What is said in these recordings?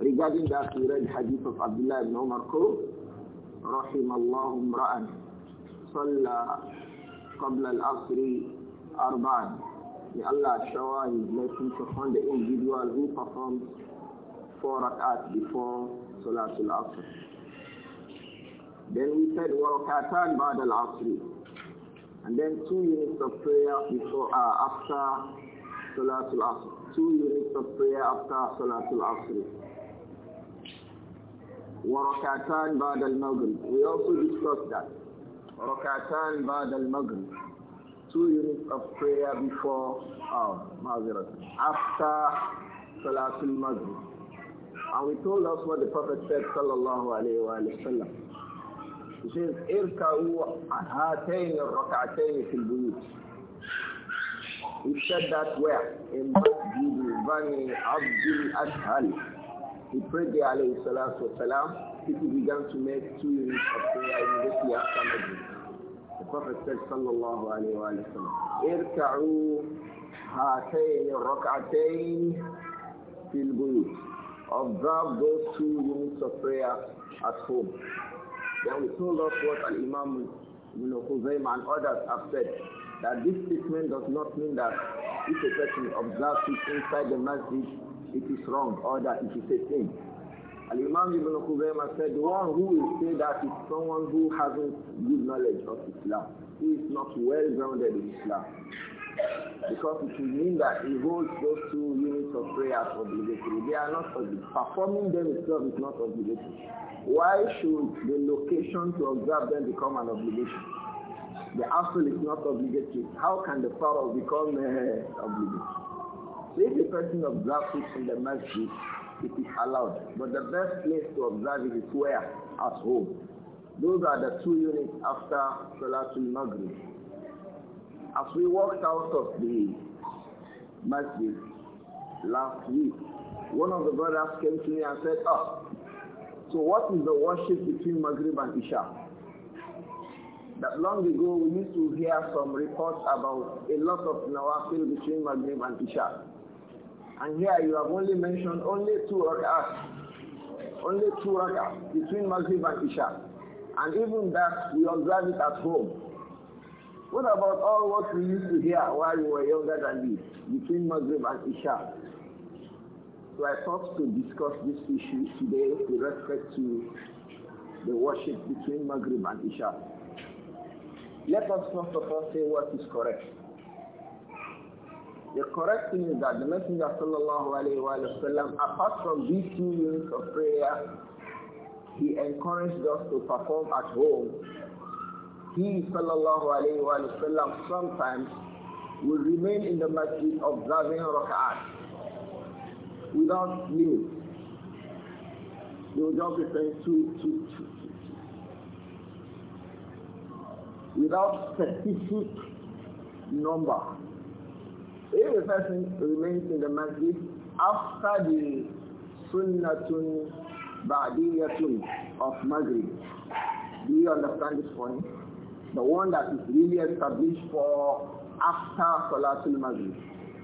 Regarding that, we read hadith of Abdullah ibn Umar Ko, رحم الله امرأ صلى قبل العصر أربعا May Allah shower His blessings upon the individual who performed four rak'at before Salatul Asr. Then we said warakatan ba'd al-asr. And then two units of prayer before uh, after Salatul Asr. Two units of prayer after Salatul Asr. وَرَكَعْتَانِ بَعْدَ الْمَغْرِبِ We also discussed that. رَكَعْتَانِ بَعْدَ الْمَغْرِبِ Two units of prayer before, oh, Mazirat. After Salatul Maghrib. And we told us what the Prophet said, sallallahu alayhi wa sallam. He says, إِرْكَعُوا هَاتَيْنِ الرَّكَعْتَيْنِ فِي الْبُيُوتِ He said that where? In Masjid Bani Abdul Ashal. He prayed there, alayhi salatu wasalam. People began to make two units of prayer immediately after Maghrib. The Prophet said, sallallahu alayhi wa sallam, اركعوا هاتين الركعتين في البيوت. Observe those two units of prayer at home. Then we told us what Al-Imam you know, Huzaima and others have said that this statement does not mean that if a person observes it inside the masjid, it is wrong or that it is a sin. Al Imam Ibn Khuzaimah said, the one who will say that is someone who hasn't good knowledge of Islam, who is not well grounded in Islam. Because it will mean that he holds those two units of prayer as obligatory. They are not obligatory. Performing them itself is not obligatory. Why should the location to observe them become an obligation? The absolute is not obligatory. How can the power become uh, obligatory? So if a person observes it in the masjid, it is allowed. But the best place to observe it is where? At home. Those are the two units after Salatul Maghrib. As we walked out of the masjid last week, one of the brothers came to me and said, oh, so what is the worship between Maghrib and Isha? That long ago we used to hear some reports about a lot of nawafil between Maghrib and Isha. And here you have only mentioned only two rak'ahs, only two rak'ahs between Maghrib and Isha. And even that, we observe it at home. What about all what we used to hear while we were younger than this, between Maghrib and Isha? So I thought to discuss this issue today with respect to the worship between Maghrib and Isha. Let us first of all say what is correct. The correct thing is that the Messenger sallallahu alayhi wa sallam, apart from these two units of prayer, he encouraged us to perform at home. He sallallahu alayhi wa sallam sometimes will remain in the masjid observing rak'at without leave. He will just be saying without specific number. If a person remains in the masjid after the sunnatun ba'diyatun of Maghrib, do you understand this point? The one that is really established for after Salatul Maghrib.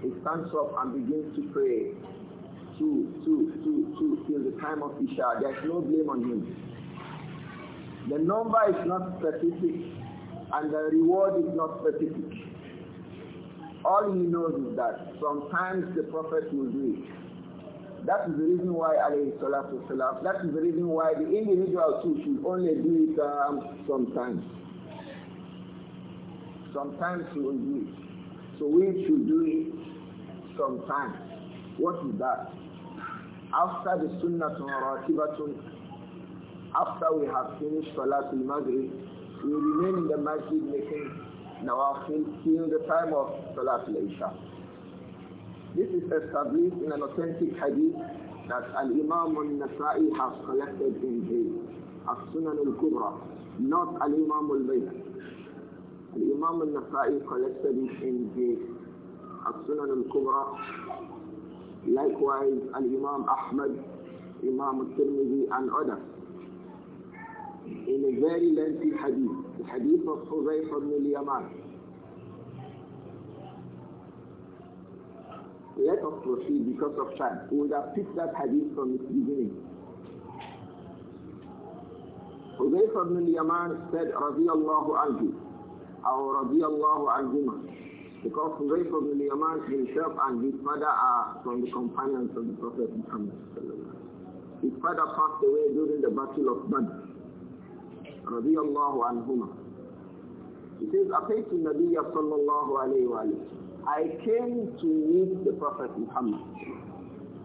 He stands up and begins to pray two, two, two, two till the time of Isha. There's no blame on him. The number is not specific and the reward is not specific. All he knows is that sometimes the prophet will do it. That is the reason why alayhi salatu salam, that is the reason why the individual too should only do it um, sometimes. Sometimes he will do it. So we should do it sometimes. What is that? After the sunnah ratibatun, after we have finished Salatul Maghrib, we remain in the masjid making now, till the time of Salatul Isha. This is established in an authentic hadith that Al-Imam al-Nasa'i has collected in his As-Sunan al-Kubra, not Al-Imam al-Bayhaqi. Al-Imam al-Nasa'i collected it in his As-Sunan al-Kubra. Likewise, Al-Imam Ahmad, Imam al-Tirmidhi and others in a very lengthy hadith, the hadith of Huzayf ibn Yaman. Let us proceed because of time. We would have picked that hadith from its beginning. Huzayf ibn Yaman said, radiyallahu anhu, or radiyallahu anhumah, because Huzayf ibn Yaman himself and his father are from the companions of the Prophet Muhammad. His father passed away during the Battle of Badr. رضي الله عنهما He says, I came to meet the Prophet Muhammad.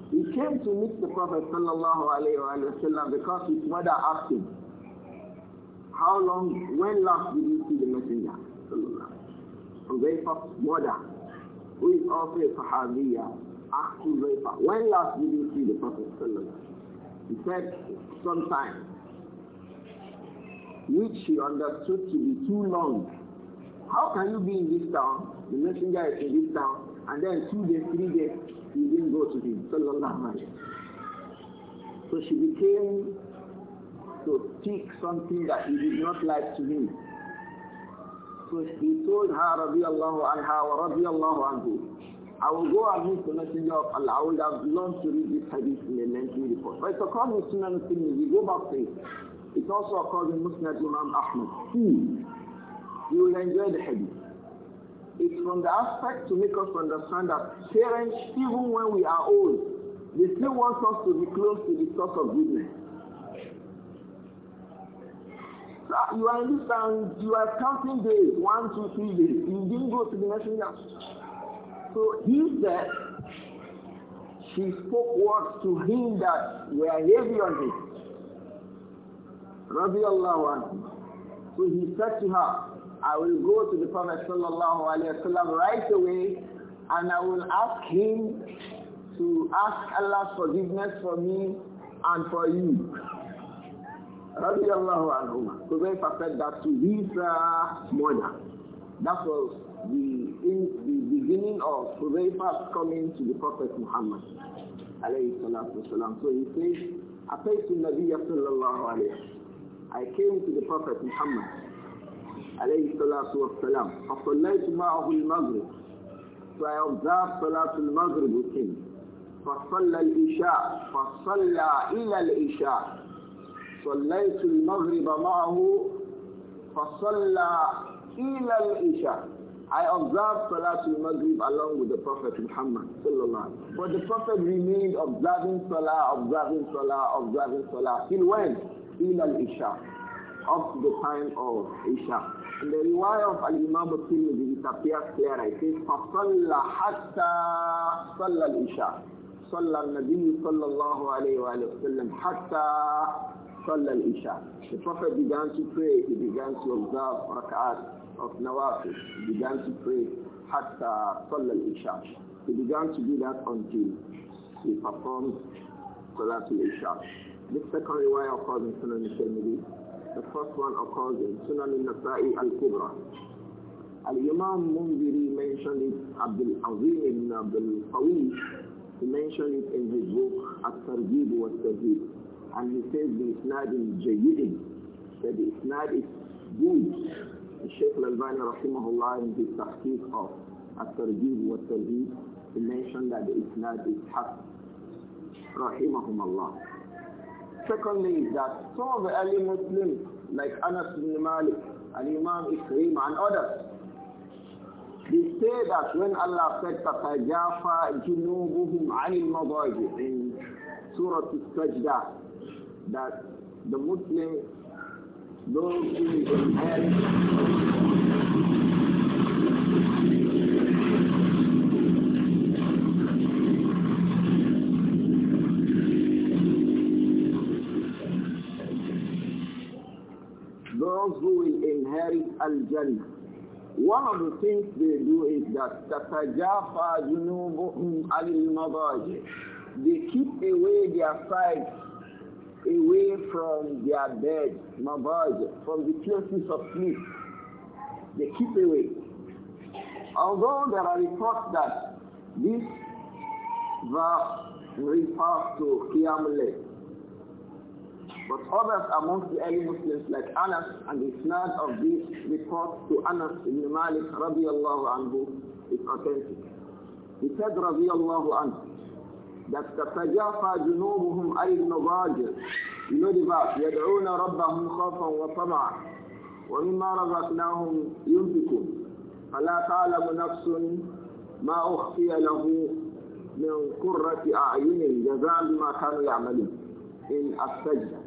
He came to meet the Prophet sallallahu alayhi wasallam because his mother asked him, how long, when last did you see the messenger? Huzaifa's mother, who is also a Sahabiya, asked Huzaifa, when last did you see the Prophet? He said, sometime which he understood to be too long. How can you be in this town, the messenger is in this town, and then two days, three days, you didn't go to him? So she became to speak something that he did not like to him. So he told her, radiallahu anha wa radiallahu anhu, I will go and meet the messenger of Allah. I would have learned to read this hadith in the lengthy report. But it's a common sunnah thing. We go back to it. It also occurs in Musnad Imam Ahmad. Hmm. you will enjoy the hadith. It's from the aspect to make us understand that parents, even when we are old, they still want us to be close to the source of goodness. So you understand, you are counting days, one, two, three days. You didn't go to the messenger. So he said, She spoke words to him that were heavy on him radiallahu anhu. So he said to her, I will go to the Prophet sallallahu alayhi wa right away and I will ask him to ask Allah's forgiveness for me and for you. Radiallahu anhu. Huzaifa said that to his uh, mother. That was the, the beginning of Huzaifa's coming to the Prophet Muhammad. So he says, to النبي صلى الله عليه وسلم I came to the Prophet Muhammad alayhi salatu wasalam. فَصَلَّيْتُ مَعَهُ الْمَغْرِبِ So I observed Salatul Maghrib with him. فَصَلَّى الْإِشَاء فَصَلَّى إِلَى الْإِشَاء صَلَّيْتُ الْمَغْرِبَ مَعَهُ فَصَلَّى إِلَى الْإِشَاء I observed Salatul Maghrib along with the Prophet Muhammad sallallahu. But the Prophet remained observing Salah, observing Salah, observing Salah. He went. إلى العشاء up to the time of Isha. In the riwayah of Al-Imam al-Tirmidhi, it appears clearer. It says, فَصَلَّ حَتَّى صَلَّ الْإِشَاء صلى النبي صلى الله عليه وآله وسلم حتى صلى العشاء. The Prophet began to pray. He began to observe rak'at of nawafil. He began to pray حتى صلى العشاء. He began to do that until he performed Salatul Isha. The second riwayah occurs in Sunan al-Tirmidhi. The first one occurs in Sunan al-Nasa'i al-Kubra. Al-Imam Munziri mentioned it, Abdul Azim ibn Abdul Qawi, he mentioned it in his book, At-Tarjib wa Tarjib. And he says the isnad is jayyidin, that the isnad is good. Sheikh Al-Albani rahimahullah in his tahqiq of At-Tarjib wa Tarjib, he mentioned that the isnad is Rahimahum Allah. Secondly, that some of the early Muslims, like Anas bin Malik and Imam Ikrim and others, they say that when Allah said تَتَجَافَى جُنُوبُهُمْ عَنِ الْمَضَاجِعِ in Surah Al-Sajda, that the Muslims, those who are those who will inherit Al-Jannah. One of the things they do is that They keep away their sides away from their bed, مَضَاجِعِ, from the places of sleep. They keep away. Although there are reports that this verse refers to Qiyamul but others amongst the early Muslims like Anas and the isnad of this report to Anas ibn Malik radiallahu anhu is authentic. He said radiallahu anhu that the تتجافى جنوبهم أي المضاجع يدبع يدعون ربهم خوفا وطمعا ومما رزقناهم ينفقون فلا تعلم نفس ما أخفي له من قرة أعين جزاء بما كانوا يعملون in السجدة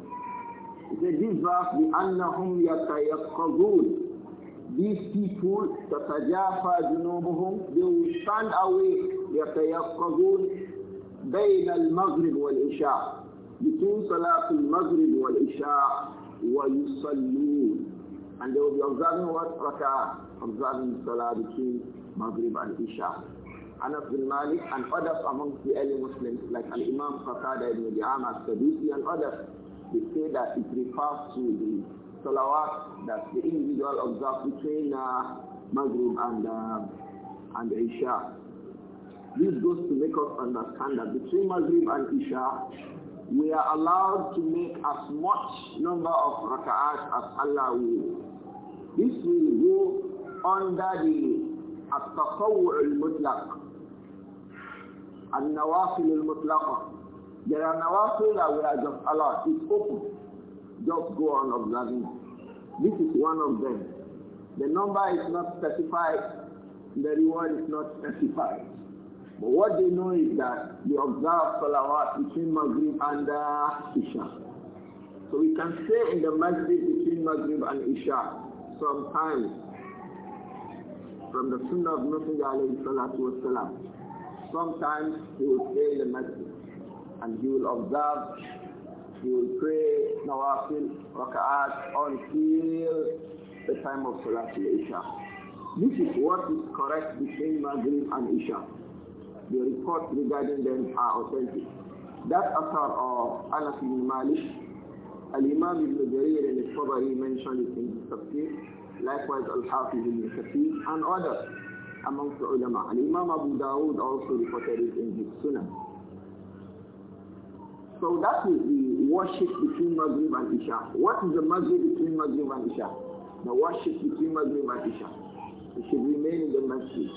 the verse يتيقظون these people تتجافى جنوبهم they will stand awake يتيقظون بين المغرب والعشاء between صلاة المغرب والعشاء ويصلون and they will be observing what rakah observing salah between maghrib and isha Anas bin Malik and others amongst the early Muslims like Al-Imam Qatada ibn Di'am al-Sadusi and others They say that it refers to the salawat that the individual observes between uh, Maghrib and, uh, and Isha. This goes to make us understand that between Maghrib and Isha, we are allowed to make as much number of rak'ahs as Allah will. This will go under the al-mutlaq, al-nawafil al-mutlaq. There are nawafil that we are just allowed. It's open. Just go on observing. This is one of them. The number is not specified. The reward is not specified. But what they know is that they observe salawat between Maghrib and uh, Isha. So we can stay in the masjid between Maghrib and Isha sometimes from the Sunnah of Messenger alayhi salatu wasalam. Sometimes he will stay in the masjid and he will observe, he will pray nawafil, raka'at until the time of Salatul Isha. This is what is correct between Maghrib and Isha. The reports regarding them are authentic. That author of Anas ibn Malik, Al-Imam ibn Jarir and Abu tabari mentioned it in his tafsir, likewise Al-Hafiz ibn Kathir and others amongst the ulama. Al-Imam Abu Dawud also reported it in his Sunnah. So that is the worship between Maghrib and Isha. What is the Maghrib between Maghrib and Isha? The worship between Maghrib and Isha. It should remain in the masjid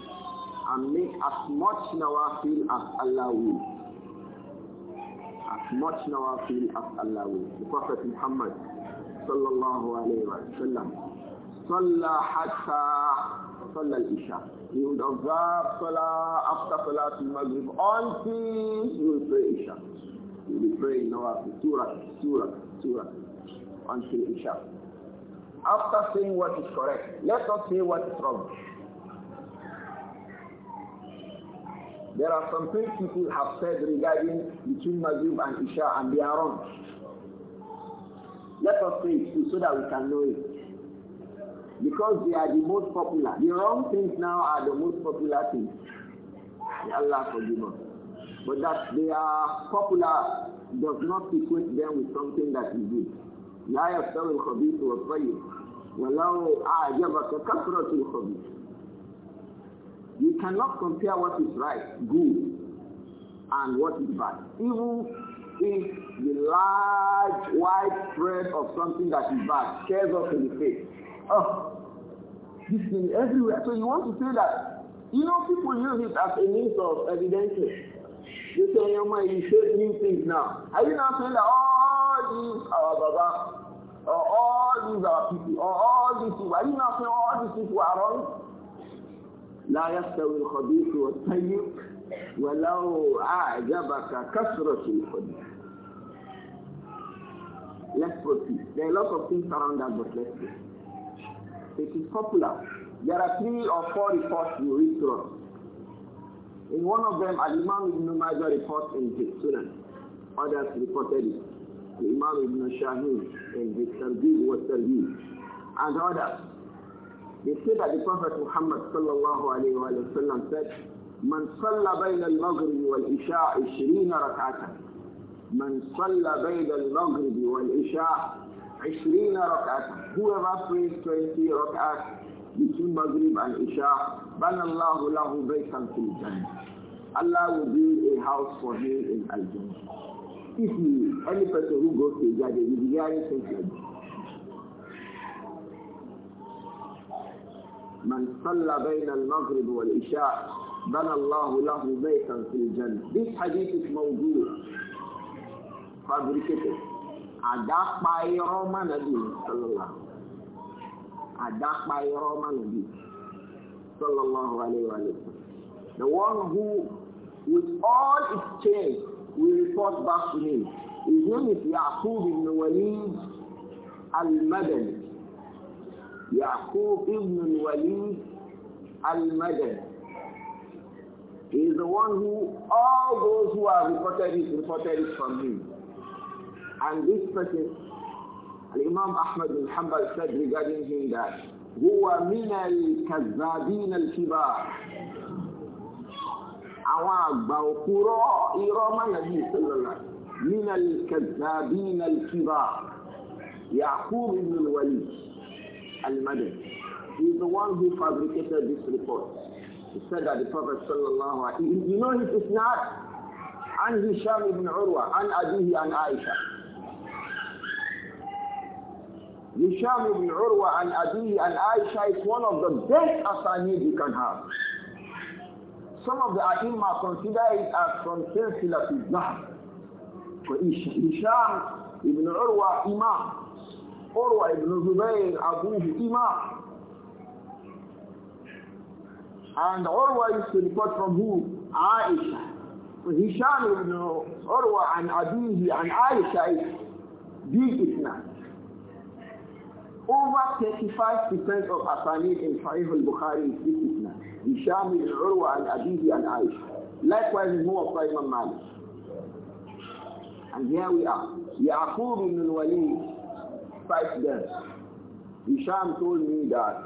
and make as much nawafil as Allah will. As much nawafil as Allah will. The Prophet Muhammad sallallahu alayhi wa sallam صلى حتى صلى العشاء. He would observe Salah after Salah to Maghrib until he will pray Isha. We will be praying Nawafil, surah, surah, surah, until Isha. After saying what is correct, let us say what is wrong. There are some things people have said regarding between Maghrib and Isha and they are wrong. Let us say it so that we can know it because they are the most popular. The wrong things now are the most popular things. May Allah forgive us. But that they are popular does not equate them with something that is good. لا يستوي الخبيث والطيب ولو أعجبك كثرة الخبيث. You cannot compare what is right, good, and what is bad. Even if the large widespread of something that is bad scares us in the face. Oh, this thing everywhere. So you want to say that, you know, people use it as a means of evidencing. you tell your mind you showed new things now. Are you not saying that all these our Baba, or all these our people, or all these people, are you not saying all these people are wrong? لا يستوي الخبيث والطيب ولو أعجبك كثرة الخبيث. Let's proceed. There are a lot of things around that, but let's proceed. It is popular. There are three or four reports you read through. In one of them, Al-Imam Ibn Majah reports in his Sunan. Others reported it. The Imam Ibn Shahin in his Tarjib was Tarjib. And others. They say that the Prophet Muhammad sallallahu alayhi wa sallam said, من صلى بين المغرب والعشاء عشرين ركعة من صلى بين المغرب والعشاء عشرين ركعة whoever prays 20 ركعات between Maghrib and Isha, Banallahu lahu baytan fil Jannah. Allah will build a house for him in Al Jannah. If he, any person who goes to Jannah, he will be hearing things like this. من صلى بين المغرب والعشاء بنى الله له بيتا في الجنة. This hadith is موجود. Fabricated. Ada pa irọ́ mánàbí sallallahu àdápa irọ́ mánàbí sallallahu alayhi wa sallam. The one who with all his chains will report back to him. His name is Yaqub ibn Walid al-Madani. Yaqub ibn Walid al-Madani. He is the one who all those who have reported it reported it from him. And this person الإمام أحمد بن حنبل said regarding him that هو من الكذابين الكبار وقراء إرام النبي صلى الله عليه وسلم من الكذابين الكبار يعقوب بن الوليد المدني He is the one who fabricated this report. He said that the Prophet sallallahu alaihi wasallam, you know his isnad, and Hisham ibn Urwa, and Abihi and Aisha. Hisham ibn Urwa and Adi and Aisha is one of the best asanid you can have. Some of the Aimma consider it as from Silsilat al For Hisham ibn Urwa, Imam. Urwa ibn Zubayr, Abu Imam. And Urwa is to report from who? Aisha. For Hisham ibn Urwa and Adi and Aisha is big Islam. Over 35% of Asanid in Sahih al-Bukhari is Isna. Hisham al-Urwa al-Abidi al-Aish. Likewise more Muwafa Imam Malik. And here we are. Yaqub ibn al-Walid fights them. Hisham told me that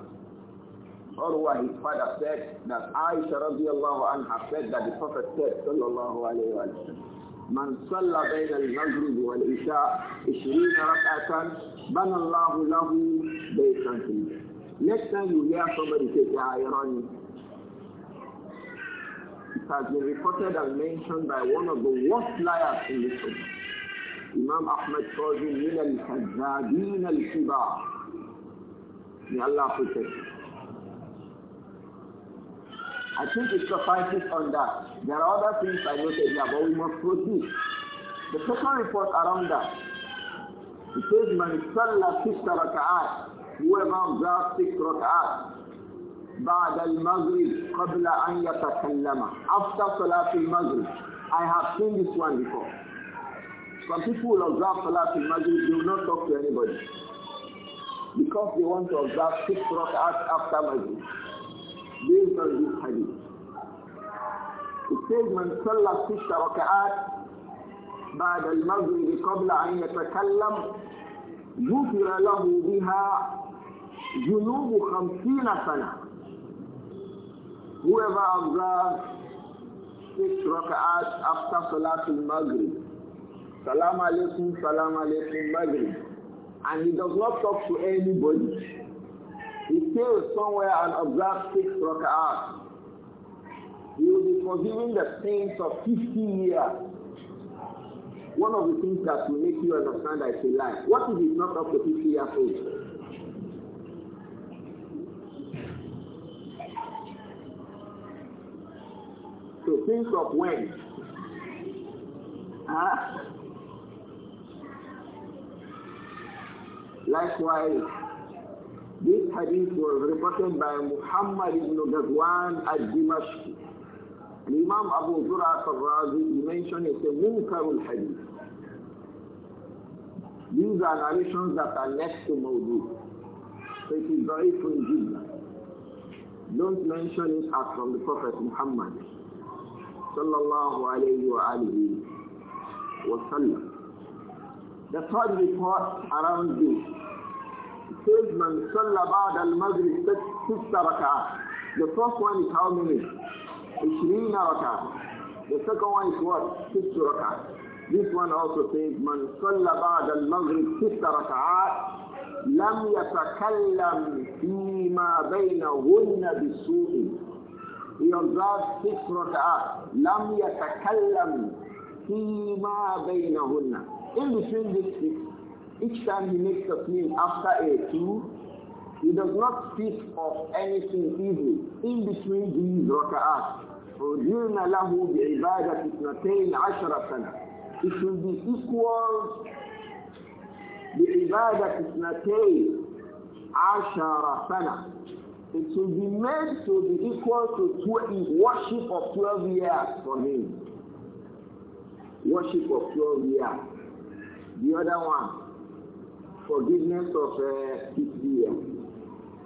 Urwa, his father, said that Aisha radiallahu anha said that the Prophet said, sallallahu alayhi wa sallam, من صلى بين المغرب والعشاء 20 ركعة بنى الله له Next time you hear somebody say, ah, you're running. It has been reported and mentioned by one of the worst liars in this country. Imam Ahmad calls him min al-kazzabin al-kibar. May Allah protect you. I think it suffices on that. There are other things I noted here, but we must proceed. The second report around that, it says, من صلى ست ركعات هو مبدأ ست بعد المغرب قبل أن يتكلم after صلاة المغرب I have seen this one before some people will observe صلاة المغرب they will not talk to anybody because they want to observe six rak'at after Maghrib. Based on this hadith. It says, من صلى ست ركعات بعد المغرب قبل أن يتكلم غفر له بها جنوب خمسين سنة whoever observes six rak'at after Salatul Maghrib Salam alaikum, salam alaikum, Maghrib and he does not talk to anybody he stays somewhere and observes six rak'at he will be forgiving the sins of 50 years one of the things that will make you understand that it's a lie what if he's not up to 50 years old to think of when. Huh? Likewise, this hadith was reported by Muhammad ibn Ghazwan al-Dimashqi. Imam Abu Zura al-Razi mentioned it's a munkarul hadith. These are narrations that are next to Mawdu. So it is very from Jinnah. Don't mention it as from the Prophet Muhammad. صلى الله عليه وآله وسلم The third report around this says من صلى بعد المغرب ست ركعات The first one is how many? 20 ركعات The second one is what? 6 ركعات This one also says من صلى بعد المغرب ست ركعات لم يتكلم فيما بينهن بسوء He observed six لم يتكلم فيما بينهن. In between these six, each time he makes a clean after a two, he does not speak of anything evil in between these rak'ahs. فوجئنا له بعبادة اثنتين عشر سنة. It should be equal بعبادة اثنتين عشر سنة it will be made to be equal to worship of 12 years for him. Worship of 12 years. The other one, forgiveness of uh, 50 years.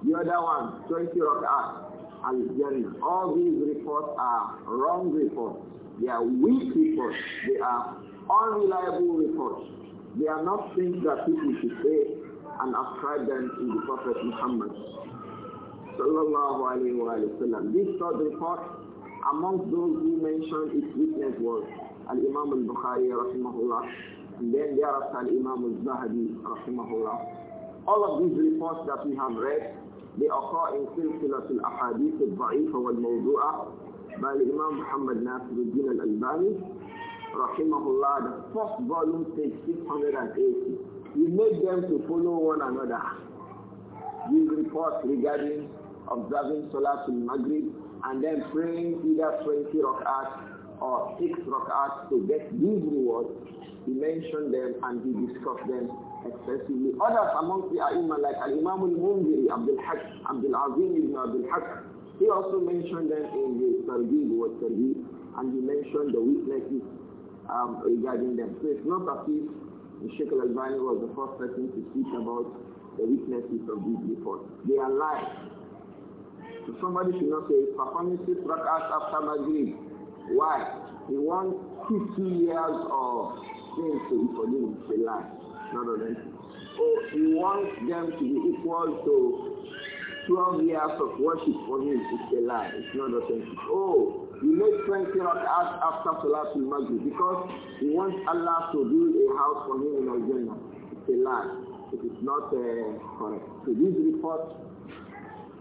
The other one, 20 rak'ah, al-jannah. All these reports are wrong reports. They are weak reports. They are unreliable reports. They are not things that people should say and ascribe them to the Prophet Muhammad sallallahu alayhi wa This short report, amongst those who mentioned its witness was Al-Imam al-Bukhari rahimahullah, and then thereafter Al-Imam al-Zahabi rahimahullah. All of these reports that we have read, they occur in Silsilat al-Ahadith al-Da'ifa wal-Mawdu'ah by Imam Muhammad Nasiruddin al-Albani rahimahullah, the first volume page 680. We made them to follow one another. These reports regarding observing to Maghrib and then praying either 20 rak'at or 6 rak'at to get these rewards, he mentioned them and he discussed them extensively. Others amongst the ai am like Al-Imam Al-Mundiri, Abdul Haq, Abdul Azim ibn Abdul Haq, he also mentioned them in the Targib or Targib and he mentioned the weaknesses um, regarding them. So it's not as if Sheikh Al-Albani was the first person to speak about the weaknesses of these reports. They are lies. Somebody should not say performing six rak'ahs after Maghrib. Why? He wants 50 years of things to be forgiven. It's a lie. Not on anything. Oh, he wants them to be equal to 12 years of worship for him. It's a lie. It's not authentic. Oh, you make 20 rak'ahs after Salatul Maghrib because he wants Allah to build a house for him in Al-Jannah. It's a lie. It is not uh, correct. So these reports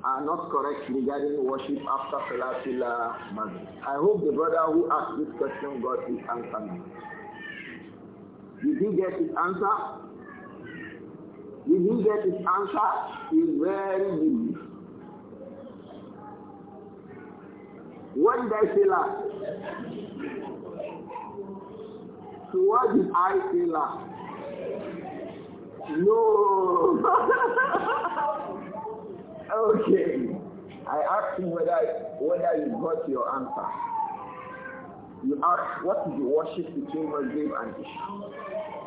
are not correct regarding worship after Salatullah Maghrib. I hope the brother who asked this question got his answer now. Did he get his answer? Did he get his answer? He's very busy. What did I say last? So what did I say last? No. Okay. I asked him whether, whether you got your answer. You asked, what is the worship between Maghrib and Isha?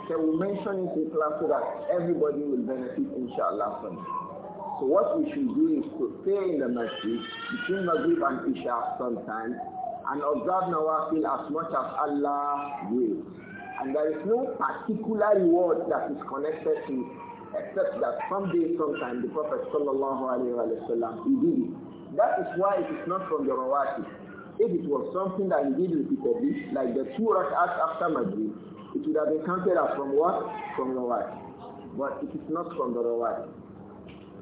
So we mention it in class so that everybody will benefit, inshallah, from it. So what we should do is to stay in the masjid between Maghrib and Isha sometimes and observe Nawafil as much as Allah will. And there is no particular reward that is connected to Except that someday, sometime, the Prophet sallallahu alayhi wa sallam, he did it. That is why it is not from the rawatib. If it was something that he did repeatedly, like the two rak'ahs after Maghrib, it would have been counted as from what? From rawatib. But it is not from the rawatib.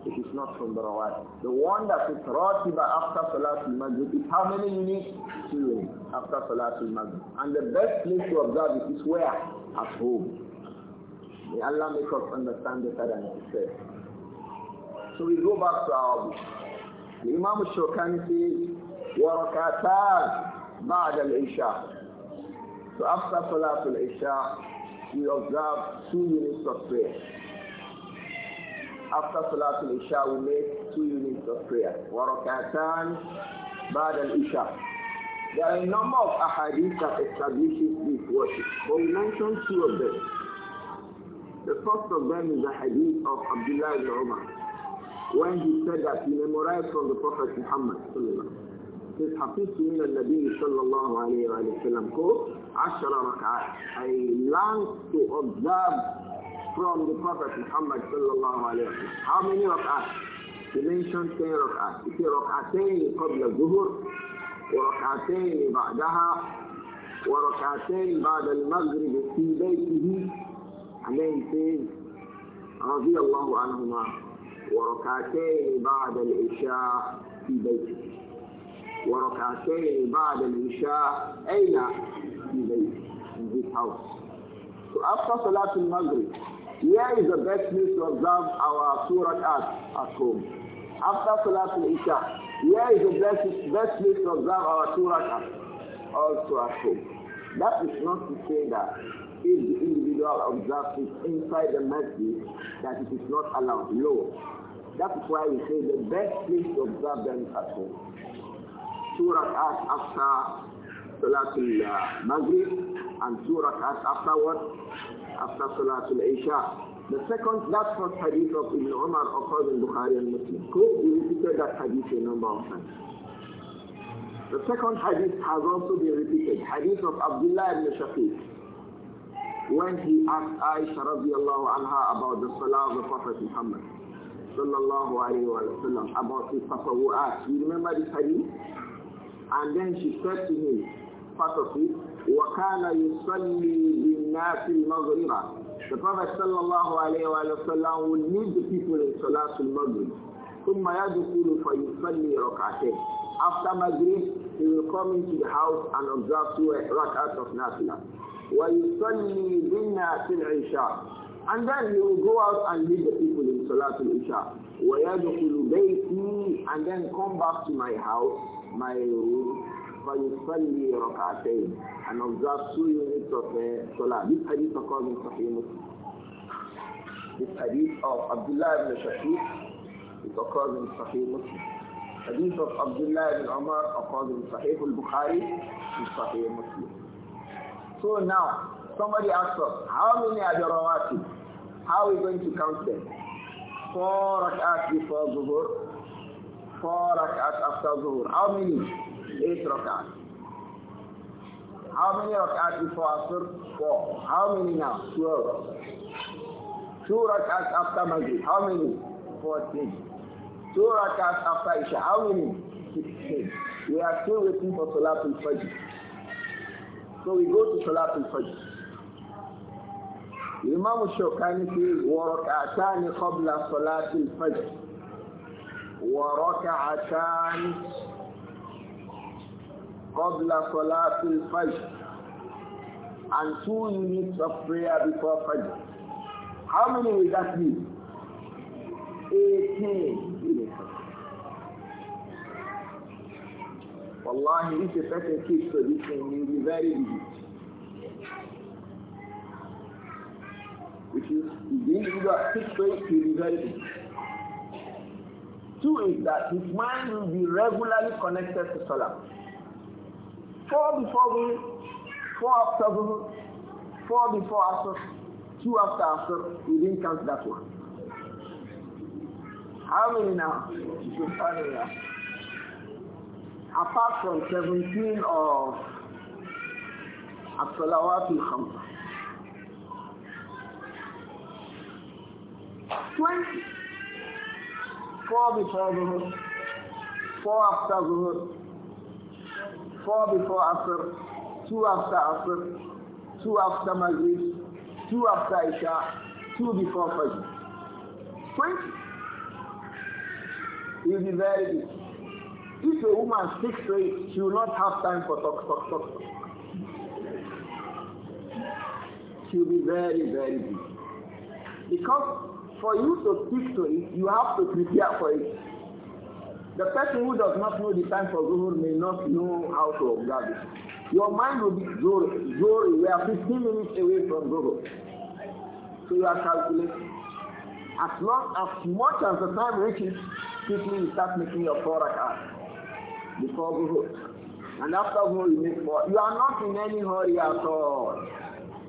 It is not from the rawatib. The one that is ratiba after Salatul Maghrib is how many units? Two after Salatul Maghrib. And the best place to observe it is where? At home. May Allah make us understand better than He said. So we go back to our book. Imam Shokani says, وَرَكَاتَانْ badal Isha." So after Salatul Isha, we observe two units of prayer. After Salatul Isha, we make two units of prayer. وَرَكَاتَانْ badal Isha. There are a number of ahadith that establishes this worship, but we mentioned two of them. The first of them is the hadith of Abdullah ibn Umar, when he said that he memorized from the Prophet Muhammad This حفظت من the صلى الله I to observe from the Prophet Muhammad صلى الله عليه وسلم. How many rakaat He mentioned 10 ركعات. He said ركعتين قبل الظهر وركعتين بعدها وركعتين بعد المغرب في بيته and then رضي الله عنهما وركعتين بعد العشاء في بيته وركعتين بعد العشاء أين في بيته in his house. So after Salat al-Maghrib, here is the best place to observe our Surah at at home. After Salat al-Isha, here is the best, best place to observe our Surah at also at home. That is not to say that if the individual observes it inside the masjid, that it is not allowed. No. That is why we say the best place to observe them is at home. Two rak'at after Salatul uh, Maghrib and two rak'at afterwards after Salatul Isha. The second, that first hadith of Ibn Umar occurs in Bukhari and Muslim. Could we repeated that hadith a number of times. The second hadith has also been repeated. Hadith of Abdullah ibn Shafiq when he asked Aisha radiallahu anha about the salah of the Prophet Muhammad sallallahu alayhi wa sallam about his tatawu'at. You remember this hadith? And then she said to him, part of it, وَكَانَ يُصَلِّي بِالنَّاسِ الْمَغْرِبَ The Prophet sallallahu alayhi wa sallam will lead the people in salah in Maghrib. ثُمَّ يَدْخُلُ فَيُصَلِّي رَكْعَتَيْنِ after Maghrib, he will come into the house and observe two Rakat of Nafilah." وَيُصَلِّي بِنَا فِي الْعِشَاءِ and then he will go out and lead the people in Salatul Isha. وَيَدْخُلُ بَيْتِي And then come back to my house, my room, فَيُصَلِّي رَكَعَتَيْنِ And observe two units of uh, salat. This hadith occurs in Sahih Muslim. This hadith of Abdullah ibn Shafiq, it occurs in Sahih Muslim. Hadith of Abdullah ibn Umar occurs in Sahih bukhari in Sahih Muslim. So now, somebody asks us, how many are the rawatib? How are we going to count them? Four rak'at before zuhur, four rak'at after zuhur. How many? Eight rak'at. How many rak'at before asr? Four. How many now? Twelve. Two rak'at after maghrib. How many? Fourteen. Two rak'at after isha. How many? Sixteen. We are still waiting for Salatul Fajr. So we go to Salatul Fajr. Imam Shokani says, وَرَكَعَتَانِ قَبْلَ صَلَاةِ الْفَجْرِ وَرَكَعَتَانِ قَبْلَ صَلَاةِ fajr And two units of prayer before Fajr. How many will that be? 18 units Wallahi, if a person keeps to this he will be very busy. Which is, if the individual keeps to he will be very Two is that his mind will be regularly connected to Salah. Four before we, four after we, four before after, two after after, we didn't count that one. How many now? apart from 17 of As-Salawat al-Khamsa. 20. Four before Zuhur, four after Zuhur, four before Asr, two after Asr, two after Maghrib, two after Isha, two before Fajr. 20. You'll be very busy. If a woman speaks to it, she will not have time for talk, talk, talk. talk. She will be very, very busy. Because for you to speak to it, you have to prepare for it. The person who does not know the time for Zuhur may not know how to observe it. Your mind will be Zuhur. Zuhur, we are 15 minutes away from Zuhur. So you are calculating. As long as much as the time reaches, quickly you start making your product out. before Zuhur. And after Zuhur you make four. You are not in any hurry at all.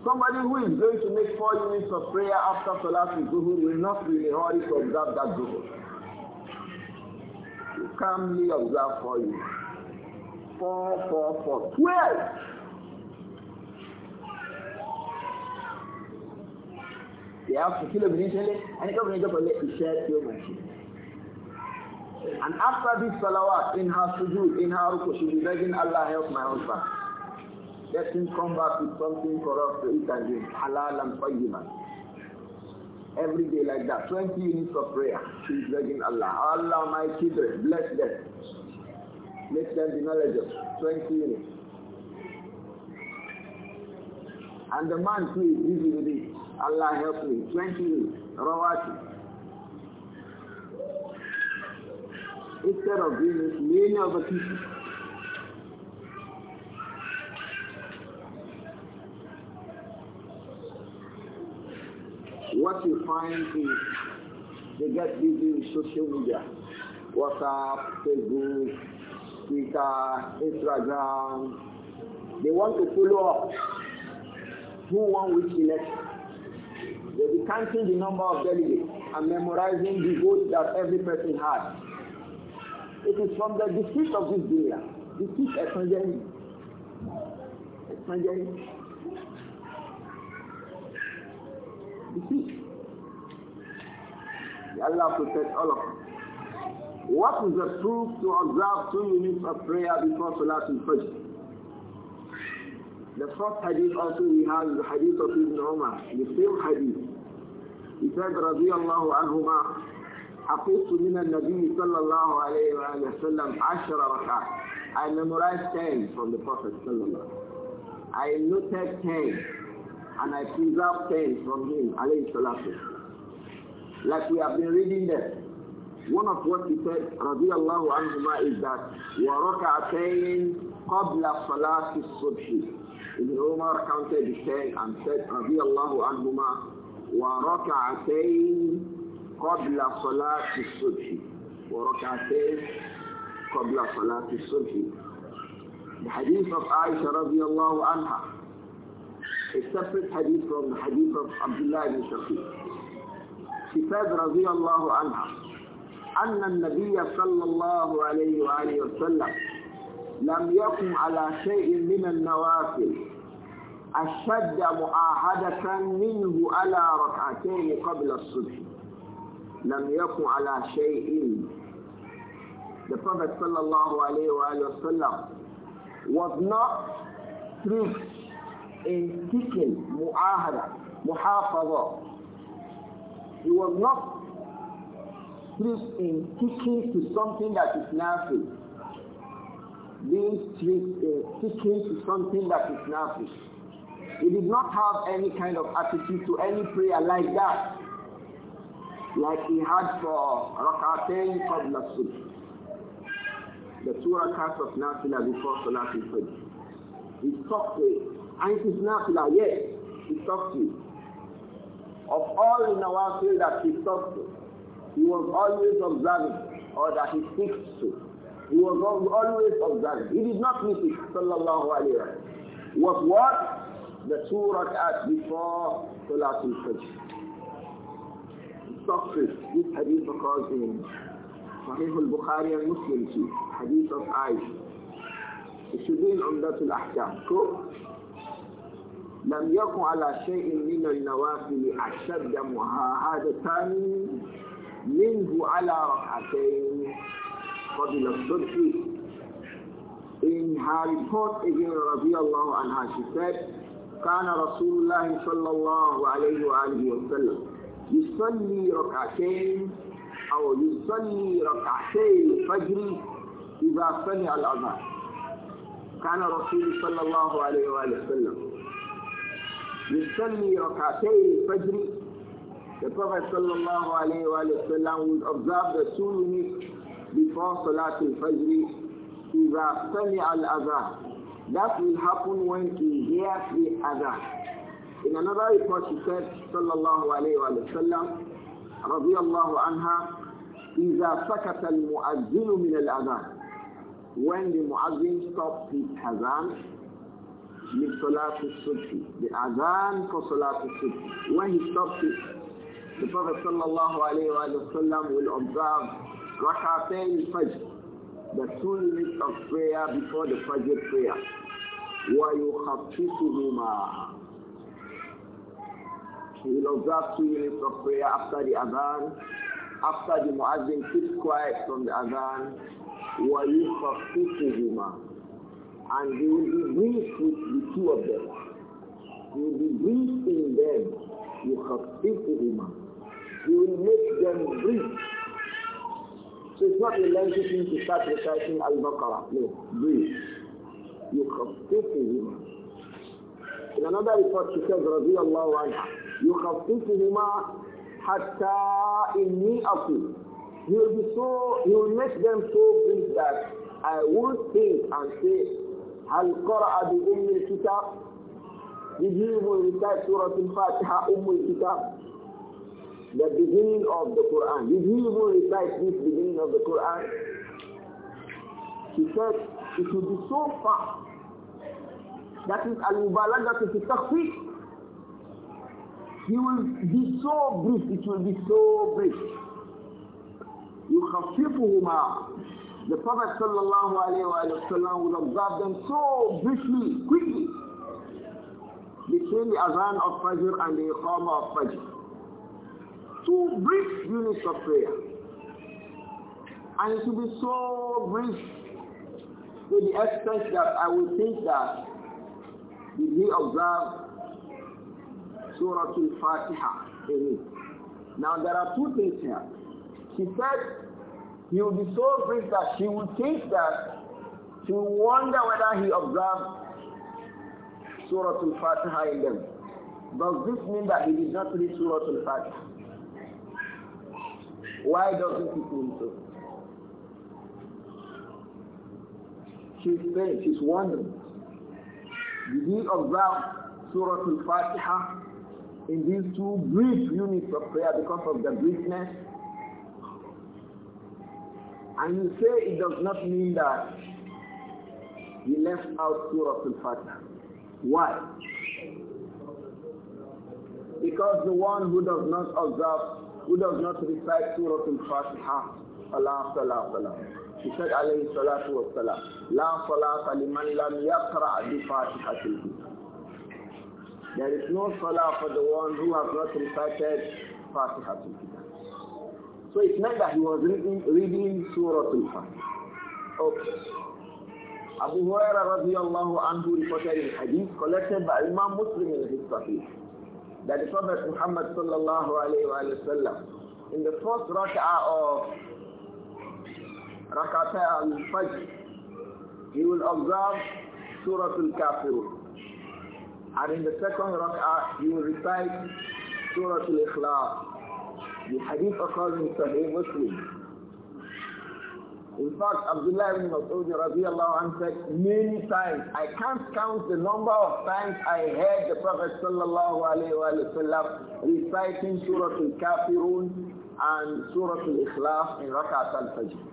Somebody who is going to make four units of prayer after Salat Zuhur will not be in a hurry to observe that Zuhur. You calmly observe for you. Four, four, four. Twelve! Ìyá fún kí lóbìnrin ṣẹlẹ̀, ẹni kí obìnrin jọ́ pẹ̀lú iṣẹ́ tí ó máa ṣe. And after this salawat, in her sujood, in her ruku, she'll be begging Allah help my husband. Let him come back with something for us to eat and drink, halal and tayyiban. Every day like that, 20 units of prayer. She's begging Allah, Allah my children, bless them. Make them be knowledgeable, 20 units. And the man too is busy with it. Allah help me, 20 units, rawati. instead of doing it, many other people. What you find is they get busy with social media, WhatsApp, Facebook, Twitter, Instagram. They want to follow up who won which election. They'll be counting the number of delegates and memorizing the votes that every person had. It is from the defeat of this dunya. Defeat expansion. Expansion. Defeat. Allah protect all of us. What is the proof to observe two minutes of prayer before Salat in fajr The first hadith also we have the hadith of Ibn Umar, the same hadith. He said, رضي الله عنهما حفظت من النبي صلى الله عليه وآله وسلم عشر ركعات. I memorized 10 from the Prophet صلى الله عليه وسلم. I noted 10 and I preserved 10 from him عليه الصلاة والسلام. Like we have been reading there. One of what he said رضي الله عنهما is that وركعتين قبل صلاة الصبح. Ibn Umar counted the 10 and said رضي الله عنهما وركعتين قبل صلاة الصبح وركعتين قبل صلاة الصبح الحديث hadith عائشة رضي الله عنها a separate من حديث the hadith of Abdullah ibn Shafiq. She said أن النبي صلى الله عليه وآله وسلم لم يقم على شيء من النوافل أشد معاهدة منه على ركعتين قبل الصبح لم يكن على شيء the Prophet sallallahu was not strict in seeking, mu'ahada, muhafaza. He was not strict in sticking to something that is nafi. Being strict in sticking to something that is nafi. He did not have any kind of attitude to any prayer like that like he had for Rak'atayn Qabla Subh. The two rakats of Nafila before Salat al-Fajr. He talked to it. And it is Nafila, yes, he talked to Of all in our field that he talked to, he was always observing, or that he speaks to. He was always observing. He did not miss it, sallallahu alayhi wa Was what? The two rak'at before Salat al-Fajr. متصل حديث قاسم صحيح البخاري ومسلم في حديث عائشة الشدين عمدة الأحكام لم يكن على شيء من النوافل أشد معاهدة منه على ركعتين قبل الصبح In her report again, رضي الله عنها, she said, كان رسول الله صلى الله عليه وآله وسلم يصلي ركعتين أو يصلي ركعتي الفجر إذا سمع الأذان كان الرسول صلى الله عليه وآله وسلم يصلي ركعتي الفجر The Prophet sallallahu alayhi wa sallam would observe the two minutes before Salat al-Fajr إذا سمع الأذان That will happen when he hears the أذان. In another report she said, sallallahu alayhi رضي الله عنها, إذا سكت المؤذن من الأذان. When the muazzin stops his azan, لصلاة الصبح, the azan for صلاة الصبح. When he stops it, the Prophet sallallahu Alaihi Wasallam will observe ركعتين the two minutes of prayer before the Fajr prayer. وَيُخَفِّفُهُمَا we will observe two minutes of prayer after the Adhan. After the Muazzin keeps quiet from the Adhan, وَيُخَفِّفُهُمَا And we will be brief with the two of them. We will be brief in them. have يُخَفِّفُهُمَا We will make them brief. So it's not a lengthy thing to start reciting Al-Baqarah. No, brief. يُخَفِّفُهُمَا In another report, she says, رضي الله يخففهما حتى إني أقول He will be so, he will make them so big that I will think and say, هل قرأ بأم الكتاب؟ Did he even recite Surah Al-Fatiha, Umm al-Kitab? The beginning of the Quran. Did he even recite this beginning of the Quran? He said, it will be so fast. That is al-mubalagha to taqfif. He will be so brief, it will be so brief. are The Prophet sallallahu alayhi wa sallam will observe them so briefly, quickly, between the Azan of Fajr and the Iqamah of Fajr. Two brief units of prayer. And it will be so brief to the extent that I will think that if he observe Surah Al-Fatiha Now there are two things here. She said he will be so brief that she will think that she will wonder whether he observed Surah Al-Fatiha in them. Does this mean that he did not read Surah Al-Fatiha? Why doesn't it mean so? She's saying, she's wondering. Did he observe Surah Al-Fatiha in these two brief units of prayer because of the briefness. And you say it does not mean that he left out Surah Al-Fatiha. Why? Because the one who does not observe, who does not recite Surah Al-Fatiha, Allah, Allah, Allah. He said, alayhi salatu wa salam, La salata liman lam yaqra' bi Fatihatil Kitab. There is no salah for the one who has not recited Fatiha to So it meant that he was reading, reading Surah Al-Fatiha. Okay. Abu Hurairah radiallahu anhu reported in hadith collected by Imam Muslim in his Sahih that the Prophet Muhammad sallallahu alayhi wa sallam in the first rak'ah of rak'ah al-Fajr he will observe Surah Al-Kafirun and in the second rak'ah, you recite Surah Al-Ikhlas. The hadith occurs in Sahih Muslim. In fact, Abdullah ibn Mas'ud radiallahu anhu said many times, I can't count the number of times I heard the Prophet sallallahu alayhi wa sallam reciting Surah Al-Kafirun and Surah Al-Ikhlas in Rakat al-Fajr.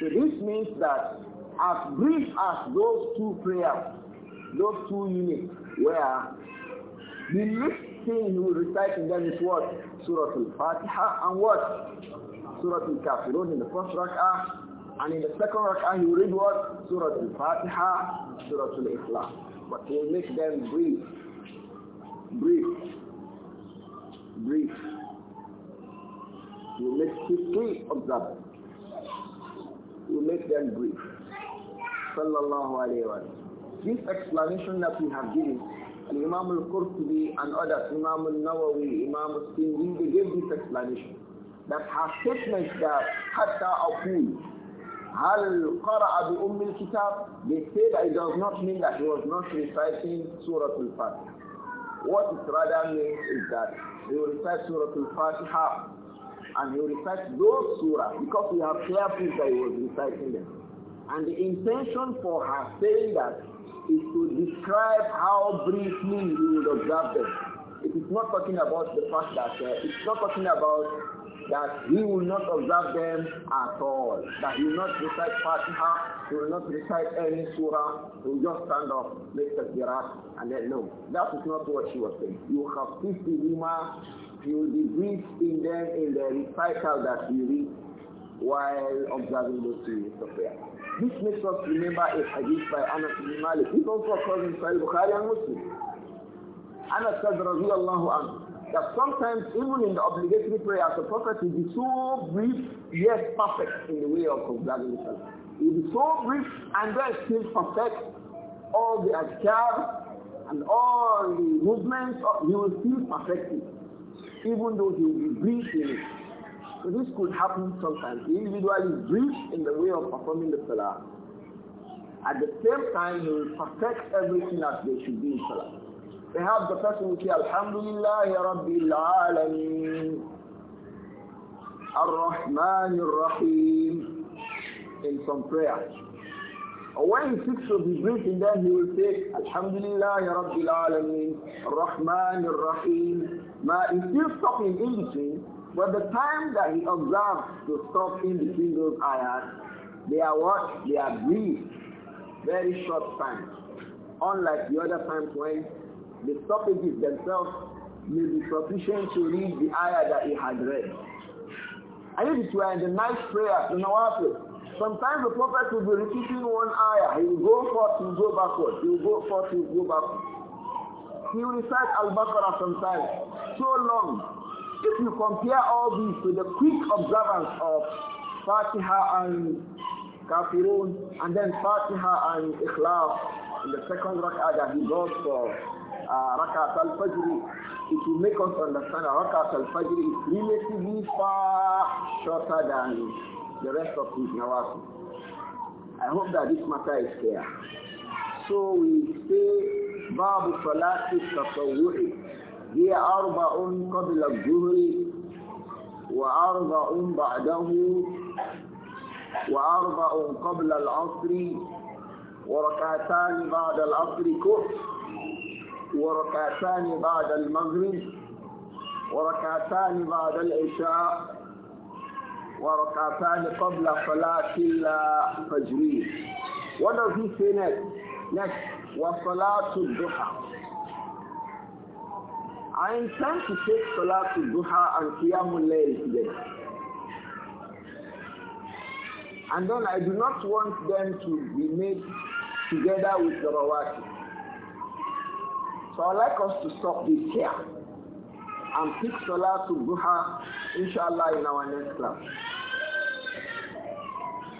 So this means that as brief as those two prayers, those two units where the least thing you will recite in them is what? Surah Al-Fatiha and what? Surah Al-Kafirun in the first rak'ah and in the second rak'ah you read what? Surah Al-Fatiha, Surah Al-Ikhlas. But you make them breathe. Breathe. Breathe. You make quickly observe. You make them breathe. Sallallahu alayhi wa sallam. This explanation that we have given, and Imam al-Qurtubi and others, Imam al-Nawawi, Imam al they gave this explanation. That her statement that Hatta Akul, Hal Qara'a bi Umm al-Kitab, they say that it does not mean that he was not reciting Surah al-Fatiha. What it rather means is that he recites recite Surah al-Fatiha and he recites those surah because we have clear proof that he was reciting them. And the intention for her saying that is to describe how briefly you will observe them. It is not talking about the fact that uh, it's not talking about that he will not observe them at all, that he will not recite Fatiha, he will not recite any surah, he will just stand up, make tasbirah, and then no. That is not what she was saying. You have 50 lima, you will be brief in them in the recital that you read while observing those two units of prayer. This makes us remember a hadith by Anas bin Malik. This also occurs in Sahih Bukhari and Muslim. Anas said, radiallahu anhu, that sometimes even in the obligatory prayers, the prophet will be so brief, yet perfect in the way of observing the Salah. He will be so brief and then still perfect all the adhkar and all the movements, he will still perfect it, even though he will be brief in it. So this could happen sometimes. The individual is rich in the way of performing the salah. At the same time, he will perfect everything that they should be in salah. Perhaps the person will say, Alhamdulillah, Rabbil Alameen, Ar-Rahman, Ar-Rahim, in some prayer. Or when he fixes his be brief in them, he will say, Alhamdulillah, Rabbil Alameen, Ar-Rahman, Ar-Rahim. Now, if you stop in between, but the time that he observed to stop in between those ayahs, they are what? They are brief, very short time. Unlike the other times when the stoppages themselves may be sufficient to read the ayah that he had read. And if it were in the night prayer, in our prayer, Sometimes the prophet will be repeating one ayah. He will go forth, he will go backward. He will go forth, he will go backward. He will recite Al-Baqarah sometimes, so long if you compare all these with the quick observance of Fatiha and Kafirun, and then Fatiha and Ikhlas in the second rak'ah that he goes for uh, Rakat al-Fajr, it will make us understand that Rakat al-Fajr is relatively far shorter than the rest of his Nawazi. I hope that this matter is clear. So we say, Babu Salati Tasawwuri. هي أربع قبل الظهر وأربع بعده وأربع قبل العصر وركعتان بعد العصر كفر وركعتان بعد المغرب وركعتان بعد العشاء وركعتان قبل صلاة الفجر. What في سنة نفس وصلاة الضحى. I intend to take Salah to Duha and Qiyamul Layl today. And then I do not want them to be made together with the Rawati. So I'd like us to stop this here and pick to Duha, inshallah, in our next class.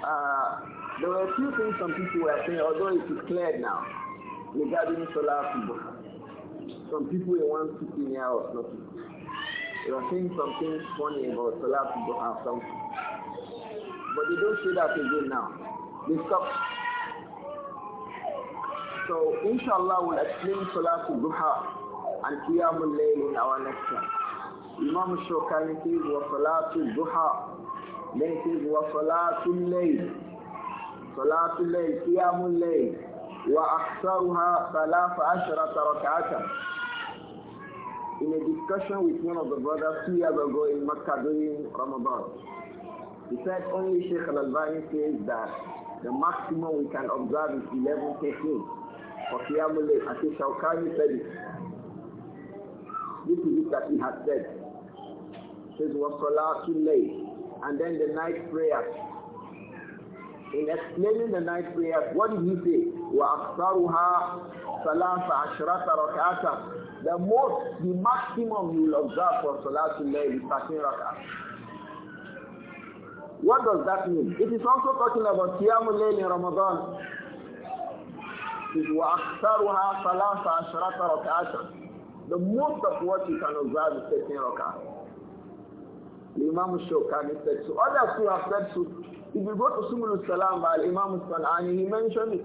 Uh, there were a few things some people were saying, although it is cleared now, regarding Salatul Duha. Some people they want to see out us, not They are saying something funny about Salah to go have something. But they don't say that again now. They stop. So inshallah we'll explain Salah to Duha and Qiyamul Layl in our lecture. Imam Shokani says, وَصَلَاةُ الضُّحَى then it says, وَصَلَاةُ اللَّيْلِ صَلَاةُ اللَّيْلِ قِيَامُ wa وَأَكْثَرُهَا ثَلَاثَ عَشْرَةَ رَكْعَةً in a discussion with one of the brothers two years ago in Makkah during Ramadan. He said only Sheikh Al-Albani says that the maximum we can observe is 11 techniques for Qiyamul Layl. As Shawkani said it. This is it that he has said. It says, too late, And then the night prayer. In explaining the night prayer, what did he say? وَأَكْثَرُهَا ثَلَاثَ عَشْرَةَ رَكْعَةً the most, the maximum you will observe for to lay is 13 rak'ah. What does that mean? It is also talking about Qiyamul Layl in Ramadan. It The most of what you can observe is 13 rak'ah. Imam Shawkani said so. Others who have said so. If you go to Sumul Salam by Imam Sanani, he mentioned it.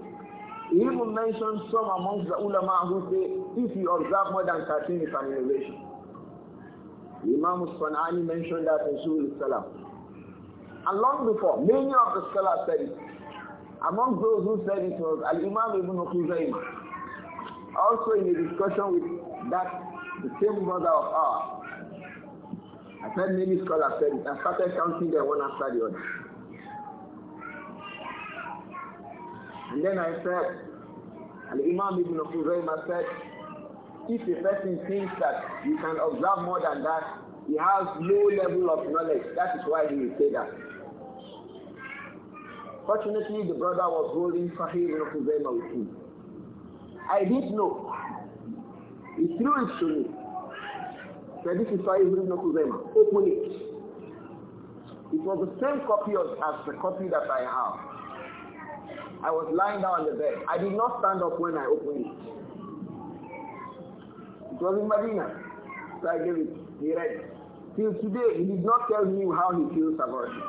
He even mentioned some amongst the ulama who say if you observe more than 13 it's an innovation. Imam Sanani mentioned that in Surah Salam. And long before, many of the scholars said it. Among those who said it was Al-Imam Ibn Khuzaim. Also in a discussion with that, the same brother of ours. I said many scholars said it. I started counting them one after the other. And then I said, and Imam Ibn Khuzayma said, if a person thinks that you can observe more than that, he has low level of knowledge. That is why he will say that. Fortunately, the brother was holding Sahih Ibn Khuzayma with him. I did know. He threw it to me. So this is Sahih Ibn Khuzayma. Open it. It was the same copy as the copy that I have. I was lying down on the bed. I did not stand up when I opened it. It was in Medina. So I gave it. He read. Till today, he did not tell me how he feels about it.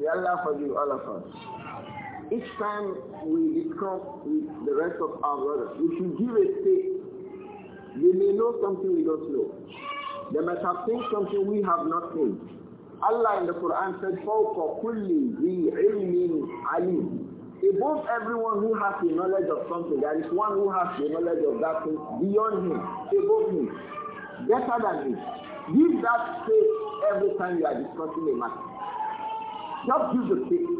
May Allah forgive all of us. Each time we discuss with the rest of our brothers, we should give a state. They may know something we don't know. They might have seen something we have not seen. Allah in the Quran said, فَوْقَ كُلِّ ذِي Above everyone who has the knowledge of something, there is one who has the knowledge of that thing beyond him, above him, better than him. Give that space every time you are discussing a matter. Just give the space.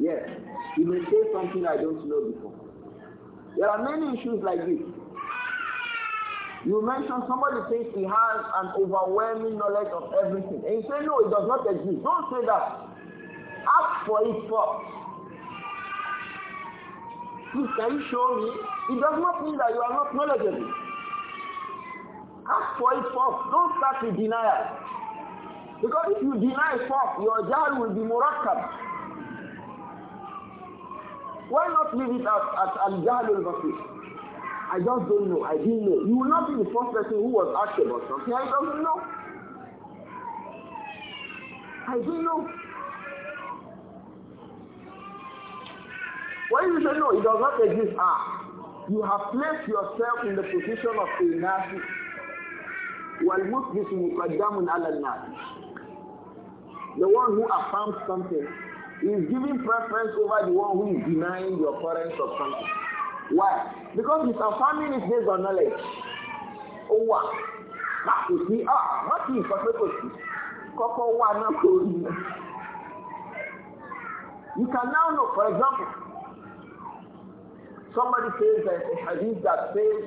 Yes, you may say something I don't know before. There are many issues like this. You mentioned somebody thinks he has an overwhelming knowledge of everything. And you say, no, it does not exist. Don't say that. Ask for it first. Please, can you show me? It does not mean that you are not knowledgeable. Ask for it first. Don't start with denial. Because if you deny first, your jar will be murakkab. Why not leave it at, at al-jahl basir I just don't know. I didn't know. You will not be the first person who was asked about something I don't know. I didn't know. Why you say no, it does not exist. Ah, you have placed yourself in the position of a Nazi. والمسلم مقدم على الناس. The one who affirms something is giving preference over the one who is denying the occurrence of something. Why? Because his farming. is based on knowledge. Ó wà láti sí ọ́ wọ́n ti nǹkan pé kò sí kọ́kọ́ wà náà kò rí i. You can now know, for example, somebody says there's a hadith that says,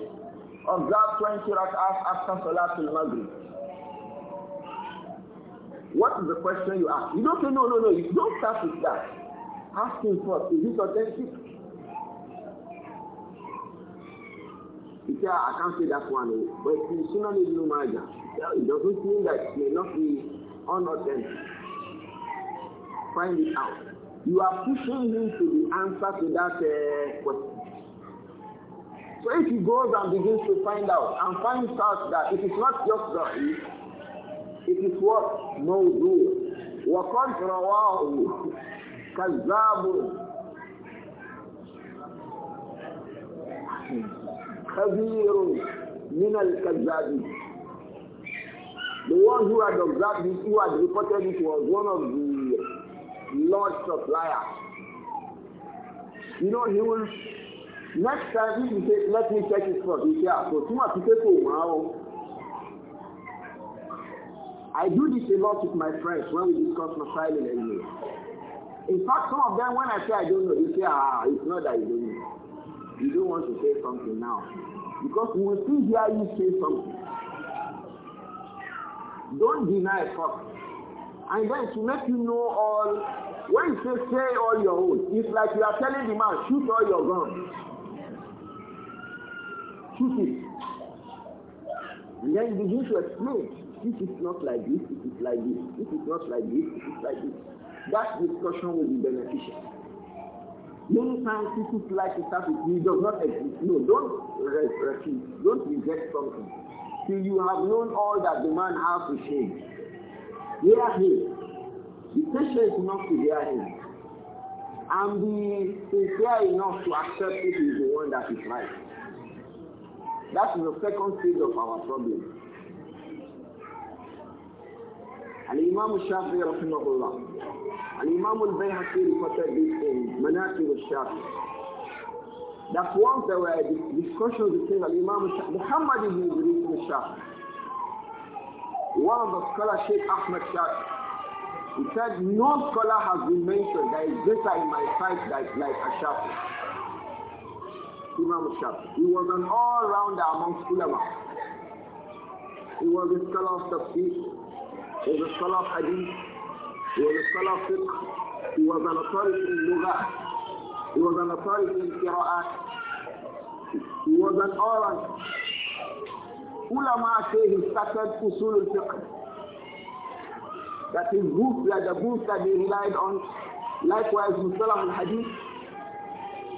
observe 20 rak'ahs after to Maghrib. What is the question you ask? You don't say, no, no, no, you don't start with that. Ask him first, is it authentic? scripture I can't say that one, eh, but in Sunan Ibn Majah, it doesn't mean that may not be unauthentic. Find it out. You are pushing him to the answer to that uh, question. So if he goes and begins to find out and finds out that it is not just Zahid, it is what? No do. وقد رواه كذاب khabirun min al-kazzabi. The one who had observed it, who had reported it, was one of the lords of liars. You know, he will, next time he will say, let me check it first. He said, so too much people now. I do this a lot with my friends when we discuss Masail in English. In fact, some of them, when I say I don't know, they say, ah, it's not that I don't know. You don't want to say something now. Because we will still hear you say something. Don't deny it, And then to make you know all, when you say say all your own, it's like you are telling the man, shoot all your guns. Shoot it. And then you begin to explain. This is not like this, it is like this, this is not like this, it is like this. That discussion will be beneficial. Many times people's life is start with does not exist. No, don't refuse. Don't reject something. Till you have known all that the man has to say. Hear him. Be patient enough to hear him. And be sincere enough to accept it is the one that is right. That is the second stage of our problem. Al-Imam al-Shafi rahimahullah. Al-Imam al-Bayhaqi reported this in Manaqib al-Shafi. That once there were discussions between the imam Muhammad ibn Ibrahim al-Shafi. One of the scholars, Sheikh Ahmed Shafi, he said, no scholar has been mentioned that is greater in my sight than like Ashafi. Imam al-Shafi. He was an all-rounder amongst ulama. He was a scholar of the people was a Salaf Hadith, he was a Salaf Fiqh, he was an authority in Lugha, he was an authority in Qira'at, he was an oral. Ulama say he started Usul al-Fiqh. That his the books that he relied on. Likewise, Musalam al-Hadith,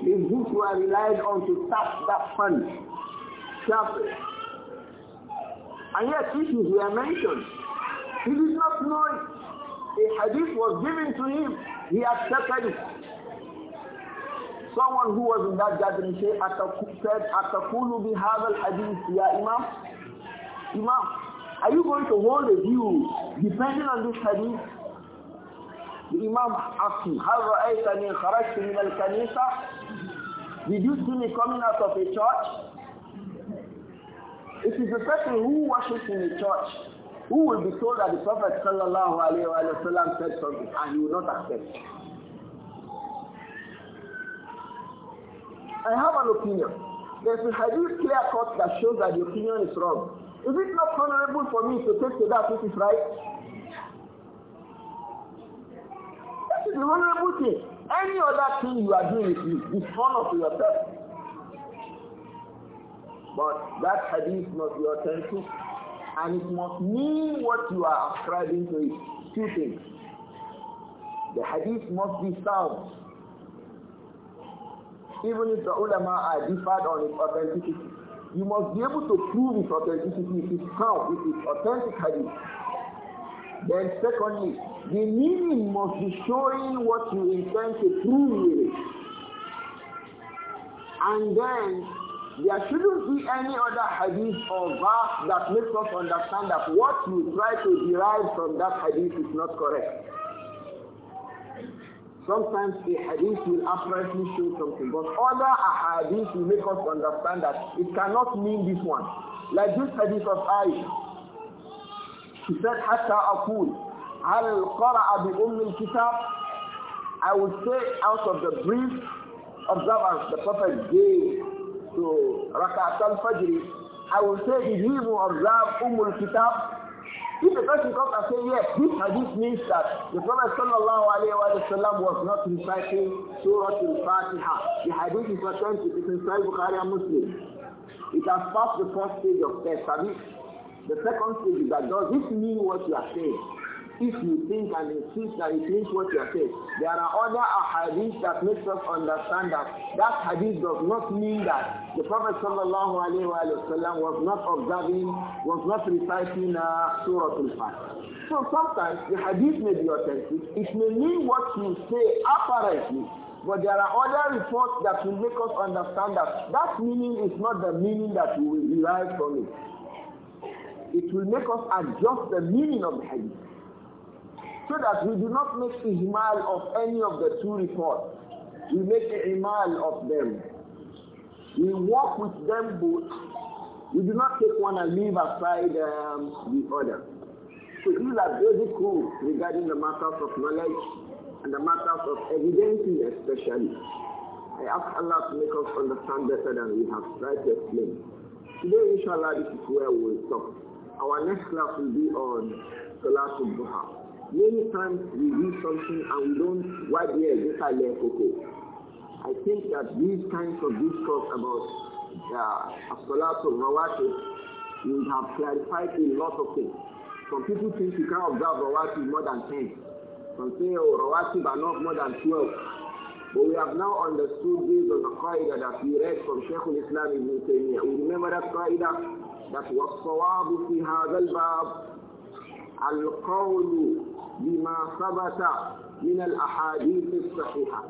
his books were relied on to tap that fund. Sharply. And yet issues were mentioned. He did not know it. A hadith was given to him. He accepted it. Someone who was in that gathering said, Atakulu bihadal hadith, ya Imam. Imam, are you going to hold a view depending on this hadith? The Imam asked him, هل رأيتني خرجت من الكنيسة? Did you see me coming out of a church? It is a person who worships in a church who will be told that the Prophet sallallahu alayhi wa sallam said something and he will not accept. I have an opinion. There's a hadith clear cut that shows that the opinion is wrong. Is it not honorable for me to take to that which is right? That is the honorable thing. Any other thing you are doing with is dishonor to yourself. But that hadith must be authentic. And it must mean what you are ascribing to it. Two things. The hadith must be sound. Even if the ulama are differed on its authenticity, you must be able to prove its authenticity if it's sound, if it's authentic hadith. Then secondly, the meaning must be showing what you intend to prove with it. And then there shouldn't be any other hadith or verse that makes us understand that what you try to derive from that hadith is not correct. Sometimes the hadith will apparently show something, but other hadith will make us understand that it cannot mean this one. Like this hadith of I. She said, Hatta Akul, al Qara'a bi Umm kitab I would say out of the brief observance the Prophet gave Rakat al-Fajr, I will say if he will observe Ummul Kitab, if the person comes and say yes, this hadith means that the Prophet sallallahu alayhi wa sallam was not reciting Surah al-Fatiha. The hadith is authentic, it's in Sahih Bukhari and Muslim. It has passed the first stage of test. The second stage is that does this mean what you are saying? if you think and insist that it means what you are saying. There are other hadiths that makes us understand that that hadith does not mean that the Prophet sallallahu alaihi wasallam was not observing, was not reciting uh, Surah Al-Fatiha. So sometimes the hadith may be authentic. It may mean what you say apparently, but there are other reports that will make us understand that that meaning is not the meaning that we will derive from it. It will make us adjust the meaning of the hadith. So that we do not make ihmal of any of the two reports. We make ihmal of them. We work with them both. We do not take one and leave aside um, the other. So these are basic rules regarding the matters of knowledge and the matters of evidentiary, especially. I ask Allah to make us understand better than we have tried to explain. Today, inshallah, this is where we will stop. Our next class will be on Salatul Duha. Many times we do something and we don't, why do you left okay? I think that these kinds of discourse about uh, Rawati Rawatib would have clarified a lot of things. Some people think you can observe Rawati more than 10. Some say, oh, Rawatib are not more than 12. But we have now understood this on the qaida that we read from Sheikh al-Islam ibn Taymiyyah. We remember that qaida that was sawabu fi hadha bab القول بما ثبت من الأحاديث الصحيحة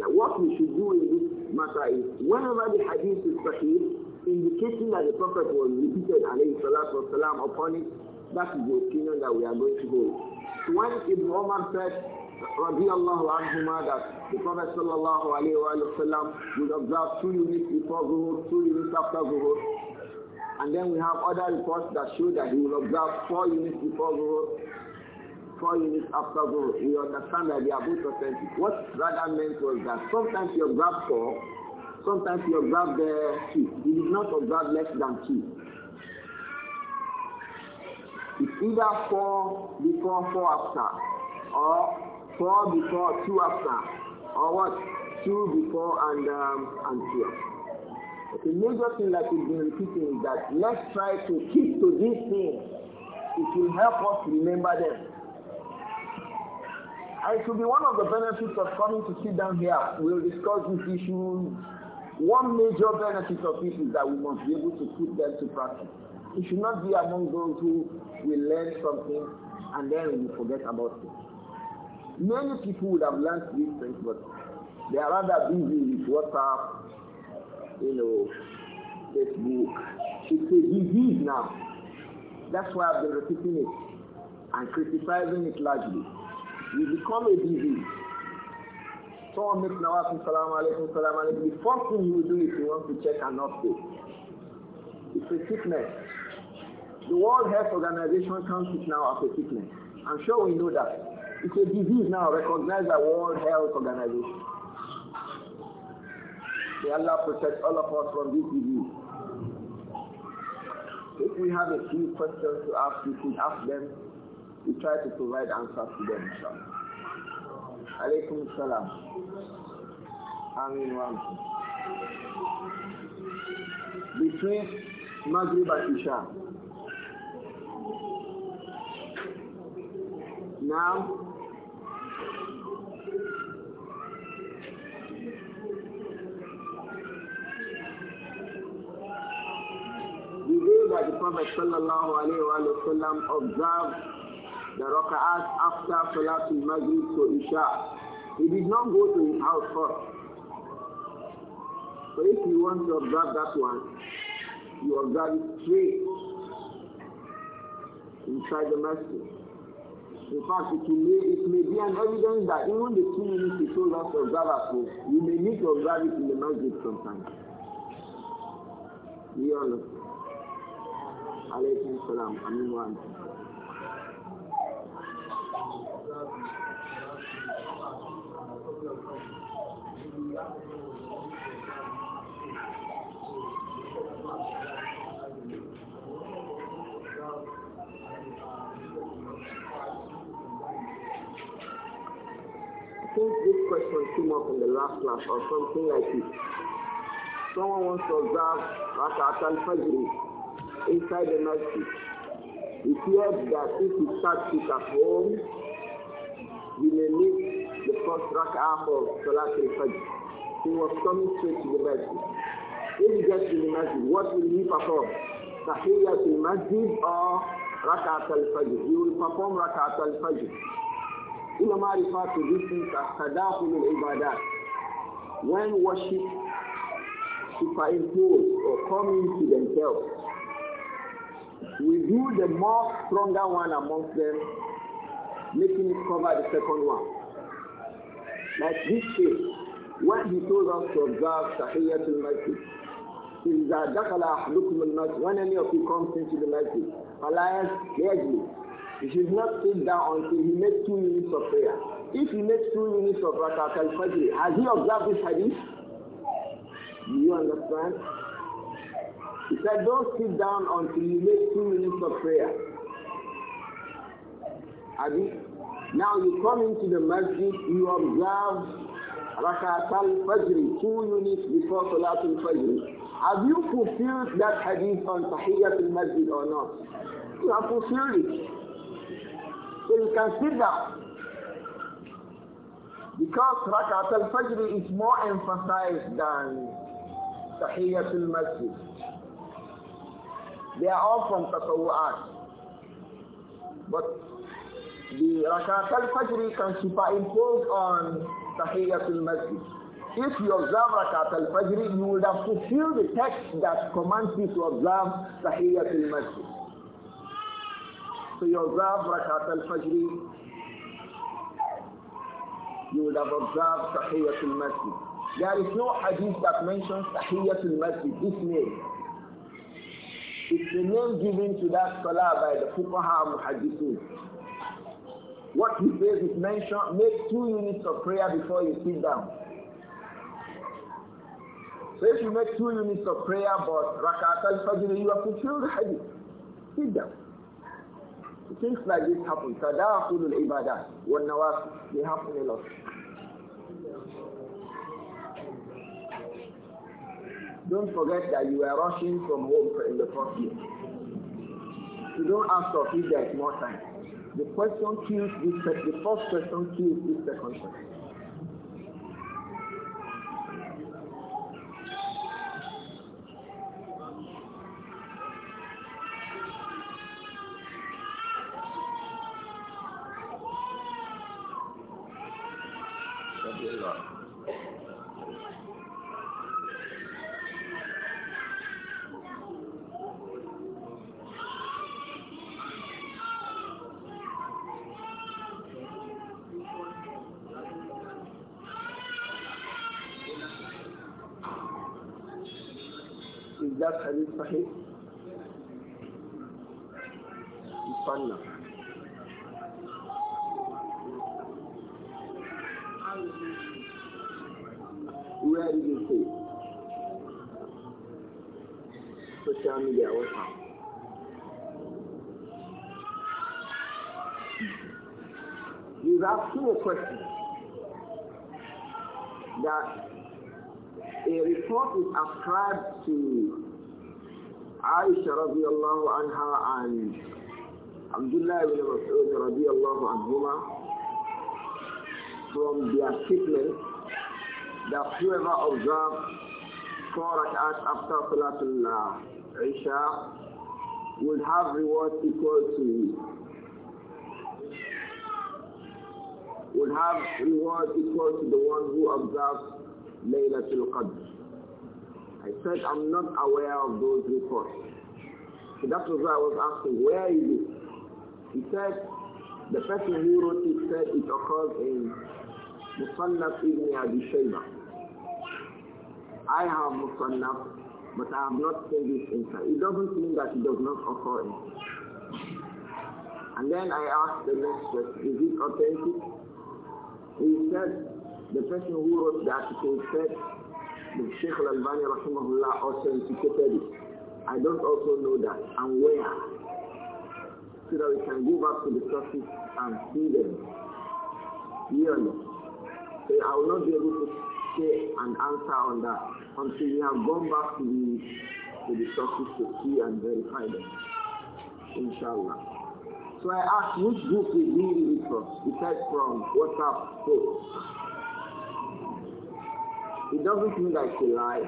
Now what we should do in this matter is, whenever the hadith is sahih, indicating that the Prophet was repeated alayhi salatu wasalam upon it, that is the opinion that we are going to hold. So when Ibn Umar said, radiallahu anhuma, that the Prophet sallallahu alayhi wa sallam would observe two units before zuhur, two units after zuhur, and then we have other reports that show that he will observe four units before four units after We understand that they are both authentic. What rather meant was that sometimes he observed four, sometimes he observed uh, two. He did not observe less than two. It's either four before, four after, or four before, two after, or what? Two before and um, and two after. The major thing that we've been repeating is that let's try to keep to these things. It will help us remember them. And it will be one of the benefits of coming to sit down here. We'll discuss these issues. One major benefit of this is that we must be able to put them to practice. We should not be among those who will learn something and then we forget about it. Many people would have learned these things, but they are rather busy with WhatsApp, you know, It's a disease now. That's why I've been repeating it and criticizing it largely. You become a disease. Someone makes Nawaf salam alaikum salam alaikum. The first thing you will do is you want to check an update. It's a sickness. The World Health Organization counts it now as a sickness. I'm sure we know that. It's a disease now recognized by World Health Organization. May Allah protect all of us from this disease. If we have a few questions to ask, we can ask them. We try to provide answers to them, inshallah. Alaykum salam. Amin wa Between Maghrib and Isha. Now, that the Prophet sallallahu observed the raka'at after Salatul Maghrib to Isha. He did not go to his house first. So if you want to observe that one, you observe it straight inside the masjid. In fact, it may, it may be an evidence that even the two minutes you told us to observe at home, you may need to observe it in the masjid sometimes. We all alaikum salam amin wa antum I think this question came up in the last class or something like this. Someone wants to observe Raka Al Fajr inside the masjid. It fears that if you start it at home, you may miss the first rak'ah of Salat al-Fajr. He was coming straight to the masjid. If he gets to the masjid, what will he perform? Tahiyyat al-Masjid or Rak'at al-Fajr? He will perform Rak'at al-Fajr. Imam Ali referred to this thing as Tadaful al-Ibadat. When worship superimpose or come into themselves, we do the more stronger one amongst them, making it cover the second one. Like this case, when he told us to observe Tahiyyatul Masjid, إذا دخل أحدكم المسجد when any of you comes into the masjid فلا يجلس he should not sit down until he makes two minutes of prayer if he makes two minutes of rakat al-fajr has he observed this hadith do you understand he said, don't sit down until you make two minutes of prayer. Abi, now you come into the masjid, you observe Rakat al-Fajr, two units before Salat al-Fajr. Have you fulfilled that hadith on Tahiyyat al-Masjid or not? You have fulfilled it. So you can sit down. Because Rakat al-Fajr is more emphasized than Tahiyyat al-Masjid. They are all from Tatawu'at. But the Rakat al-Fajr can superimpose on Tahiyyatul Masjid. If you observe Rakat al-Fajr, you would have fulfilled the text that commands you to observe Tahiyyatul Masjid. So you observe Rakat al-Fajr, you would have observed Tahiyyatul Masjid. There is no hadith that mentions Tahiyyatul Masjid, this name. It's the name given to that scholar by the Fuqaha Muhaddithun. What he says is mention, make two units of prayer before you sit down. So if you make two units of prayer but Rakat al-Fajr, you have fulfilled the hadith. Sit down. Things like this happen. Tada'akulul ibadah. Wa nawas, They happen a lot. Don't forget that you are rushing from home in the first year. You don't ask of if there is more time. The question kills this, the first question kills this second question. fault is ascribed to Aisha radiallahu anha and Abdullah ibn Mas'ud radiallahu anhuma from their statement that whoever observes four rak'at after Salatul Isha will have reward equal to will have reward equal to the one who observes Laylatul Qadr. He said, I'm not aware of those reports. So that was why I was asking, where is it? He said, the person who wrote it said it occurs in Musannaf ibn Abi Shayba. I have Musannaf, but I have not seen this inside. It doesn't mean that it does not occur in And then I asked the next question, is it authentic? He said, the person who wrote the article said the Sheikh Al-Albani Rahimahullah also indicated it. I don't also know that and where. So that we can go back to the sources and see them clearly. So I will not be able to say an answer on that until we have gone back to the, to the sources to see and verify them. Inshallah. So I asked which group we read it from. He from WhatsApp posts. It doesn't mean that it's a lie.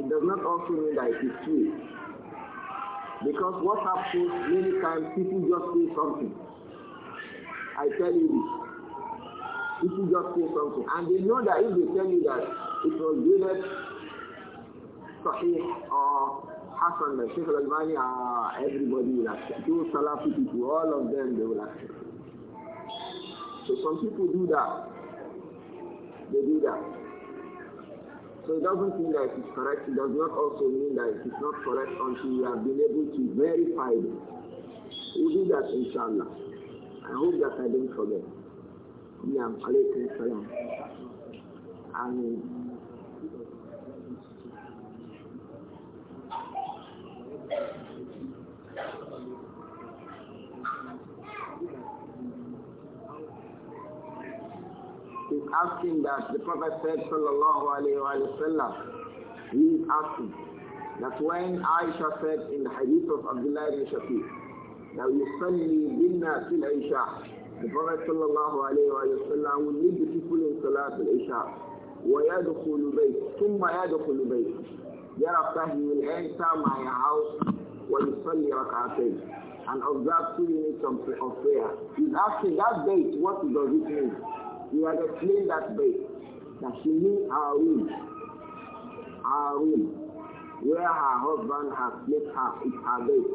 It does not also mean that it is true. Because what happens many times people just say something. I tell you this. People just say something. And they know that if they tell you that it was graded Sahih or Hassan, the Sheikh Al-Albani, uh, everybody will accept. Those Salafi people, all of them, they will accept. So some people do that. They do that. So it doesn't mean that it is correct. It does not also mean that it is not correct until you have been able to verify it. We'll do that inshallah. I hope that I don't forget. Yeah, alaykum salam. And Thank you. is asking that the Prophet said, sallallahu alaihi wasallam. he is asking that when Aisha said in the hadith of Abdullah ibn Shafiq, that we suddenly binna till Aisha, the Prophet sallallahu alaihi wasallam will lead the people in Salat al-Isha, ويدخل بيت ثم يدخل بيت thereafter he will enter my house ويصلي ركعتين and observe two minutes of prayer. He's asking that date, what does it mean? We are the plane that way, that she knew our room, our room, where her husband has left her is her bed.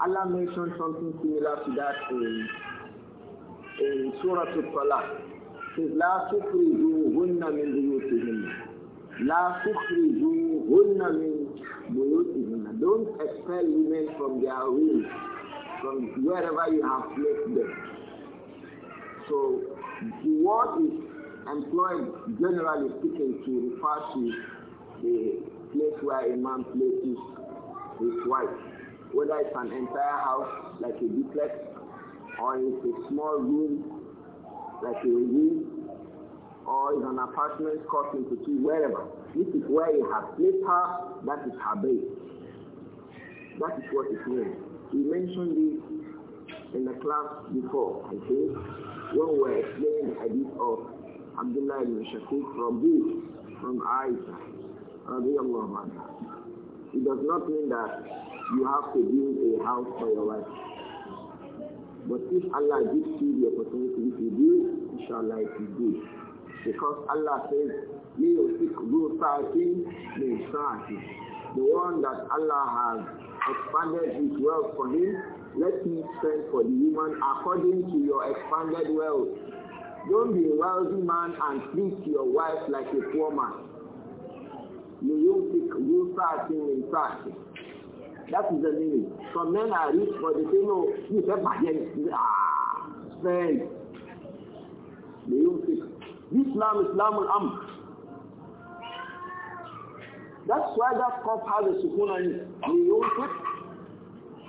Allah mentioned something similar to that in, in Surah Al-Talaq. says, لا تخرجوهن من بيوتهن. لا تخرجوهن من بيوتهن. Don't expel women from their rooms, from wherever you have placed them. So The word is employed, generally speaking, to refer to the place where a man places his wife, whether it's an entire house, like a duplex, or it's a small room, like a room, or it's an apartment cut into two, wherever. This is where he has placed her, that is her base. That is what it means. He mentioned this in the class before, I think, when we were explaining the hadith of Abdullah ibn Shafiq from this, from Aisha, radiallahu anha. It does not mean that you have to build a house for your wife. But if Allah gives you the opportunity to do, inshallah it is good. Because Allah says, لِيُسِكْبُ سَعْتٍ مِنْ سَعْتٍ The one that Allah has expanded his wealth for him, let me spend for the woman according to your expanded wealth. Don't be a wealthy man and treat your wife like a poor man. You You start in sa'atin. That is the meaning. Some men are rich, but they say, no, you said, my ah, spend. Yuyumtik. Islam, Islam and am. That's why that cup has a sukun in it.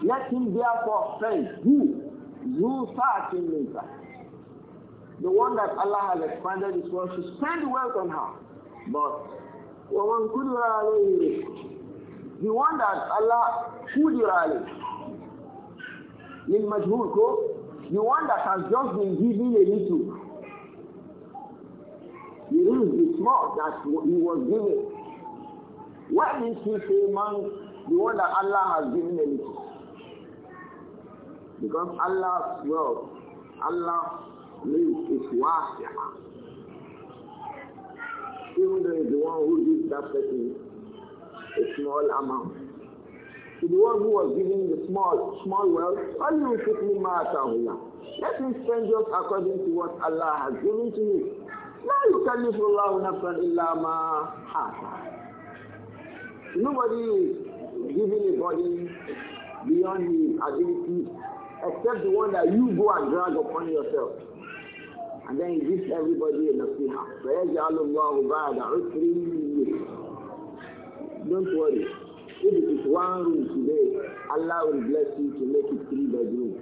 Let him therefore say, who? Who Sa'atin Minka. The one that Allah has expanded his world to spend wealth on her. But The one that Allah قُدِرَ عَلَيْهِ The one that has just been given a little. He is the small that he was given. What did he say, man? The one that Allah has given a little. Because Allah's wealth, Allah's need is wasi'ah. Even though the one who gives that person a small amount. To the one who was giving the small, small wealth, only let me spend just according to what Allah has given to me. Now you can live Allah nafsan illa ma Nobody is giving a body beyond his ability except the one that you go and drag upon yourself. And then he gives everybody a nasiha. Don't worry. If it is one room today, Allah will bless you to make it three bedrooms.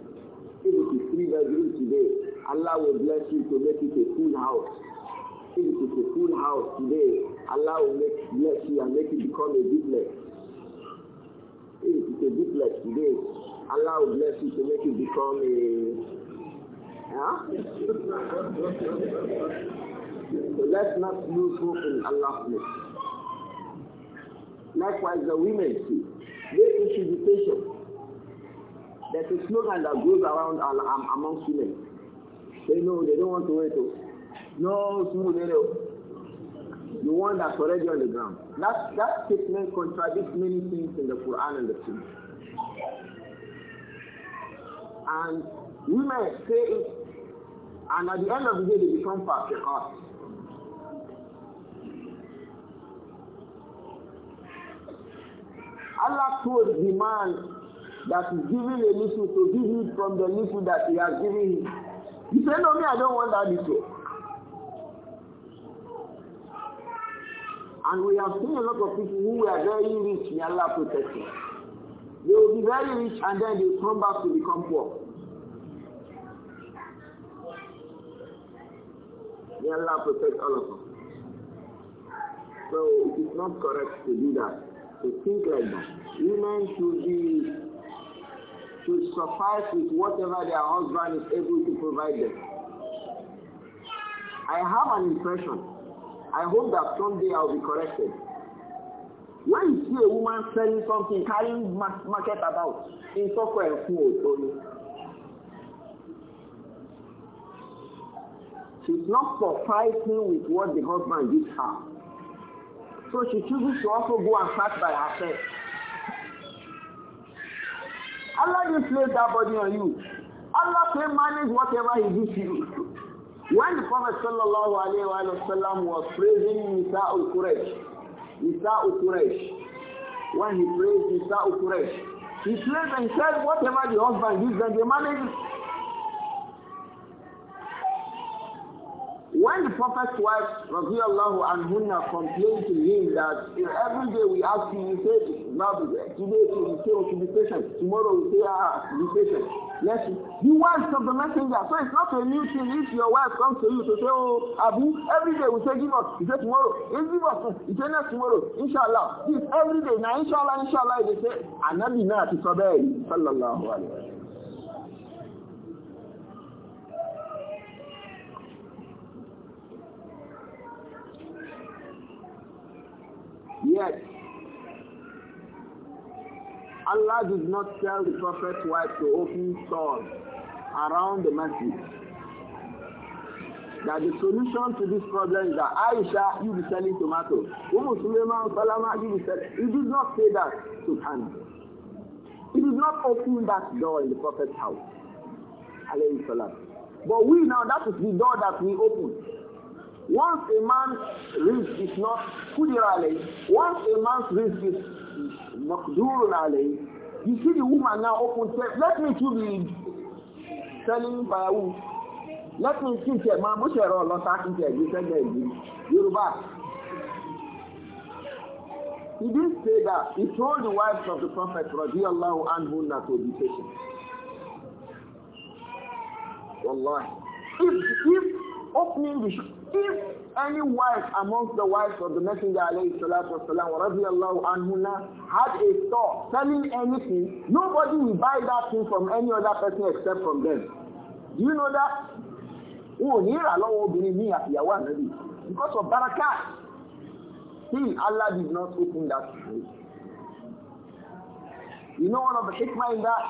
If it is three bedrooms today, Allah will bless you to make it a full house. If it is a full house today, Allah will make, bless you and make it become a duplex. If it is a duplex today, Allah will bless you to make you become a... so let's not lose hope in Allah's mercy. Likewise, the women too. They should be patient. There's a slogan that goes around amongst women. They know they don't want to wait. Oh. No, smooth, the one that's already on the ground. That, that statement contradicts many things in the Quran and the Sunnah. And women say it, and at the end of the day, they become fasiqat. Allah told the man that is giving a little to give it from the little that he has given him. He said, no, me, I don't want that little. And we have seen a lot of people who were very rich in Allah protection. They will be very rich and then they will come back to become poor. May Allah protect all of us. So it is not correct to do that, to think like that. Women should be, should suffice with whatever their husband is able to provide them. I have an impression. I hope that someday I'll be corrected Why is you a woman selling something, carrying market about in Sokwe and Fuo She's not surprising with what the husband gives her. So she chooses to also go and start by herself. Allah didn't place that burden on you. Allah can manage whatever he gives you. When the Prophet sallallahu alayhi wa sallam was praising Nisa al-Quraysh, Nisa'u Quraysh. When he praised Nisa'u Quraysh, he praised and said, whatever the husband gives them, they manage When the prophet's wife, radiallahu anhunna, complained to him that every day we ask him, he said, "No, today he will say, we should be patient. Tomorrow we say, ah, be patient. Yes, the wives of the messenger. So it's not a new thing if your wife comes to you to say, Oh, Abu, every day we say give us, you say tomorrow, it's give us, you say next tomorrow, inshallah. This every day, now inshallah, inshallah, they say, Anabi na ti sọ sallallahu alayhi wa Yes. Allah did not tell the prophet's wife to open stores around the masjid that the solution to this problem is that Aisha, you be selling tomatoes. Umm Salama, you be selling. He did not say that to Hannah. He did not open that door in the prophet's house. But we now, that is the door that we open. Once a man's risk is not, once a man's risk is Maqdurun alayhi. You see the woman now open self. Let me to be selling by who? Let me see ṣe máa bó ṣe rọ lọ́ta kí ṣe ẹ̀gbẹ́ sẹ́gbẹ́ ìlú Yorùbá. He didn't say that. He told the wives of the prophet radiyallahu anhu na to be patient. Wallahi. If, if opening the if any wife amongst the wives of the Messenger alayhi salatu wasalam wa radiallahu anhuna had a store selling anything, nobody will buy that thing from any other person except from them. Do you know that? Oh, here Allah will bring me Because of barakah. See, Allah did not open that place. You know one of the hikmah in that?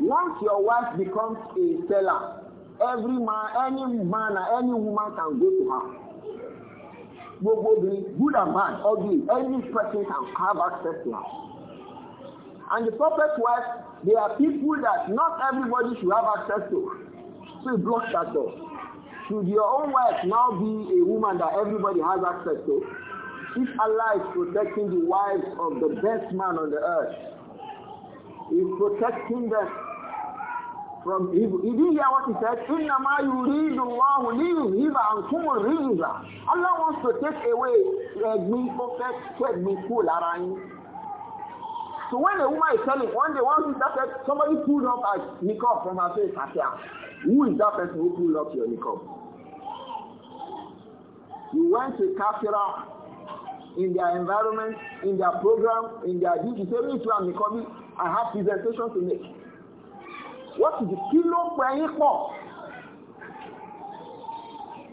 Once your wife becomes a seller, every man, any man or any woman can go to her. Gbogbo be good and bad, ugly, any person can have access to her. And the prophet's wife, there are people that not everybody should have access to. So he that door. Should your own wife now be a woman that everybody has access to? If Allah is protecting the wives of the best man on the earth, He's protecting them from evil. He didn't hear what he said. Innama yuridu Allahu liyuhiba ankum rijza. Allah wants to take away ẹ̀gbin tó fẹ́ tó ẹ̀gbin kú So when a woman is telling one day one sister said somebody pulled up a niqab from her face Akia. Who is that person who pulled up your niqab? You went to Kafira in their environment, in their program, in their duty. Say me too, I'm I have presentations to make. wọ́n sì di kí ló pa ẹyin pọ̀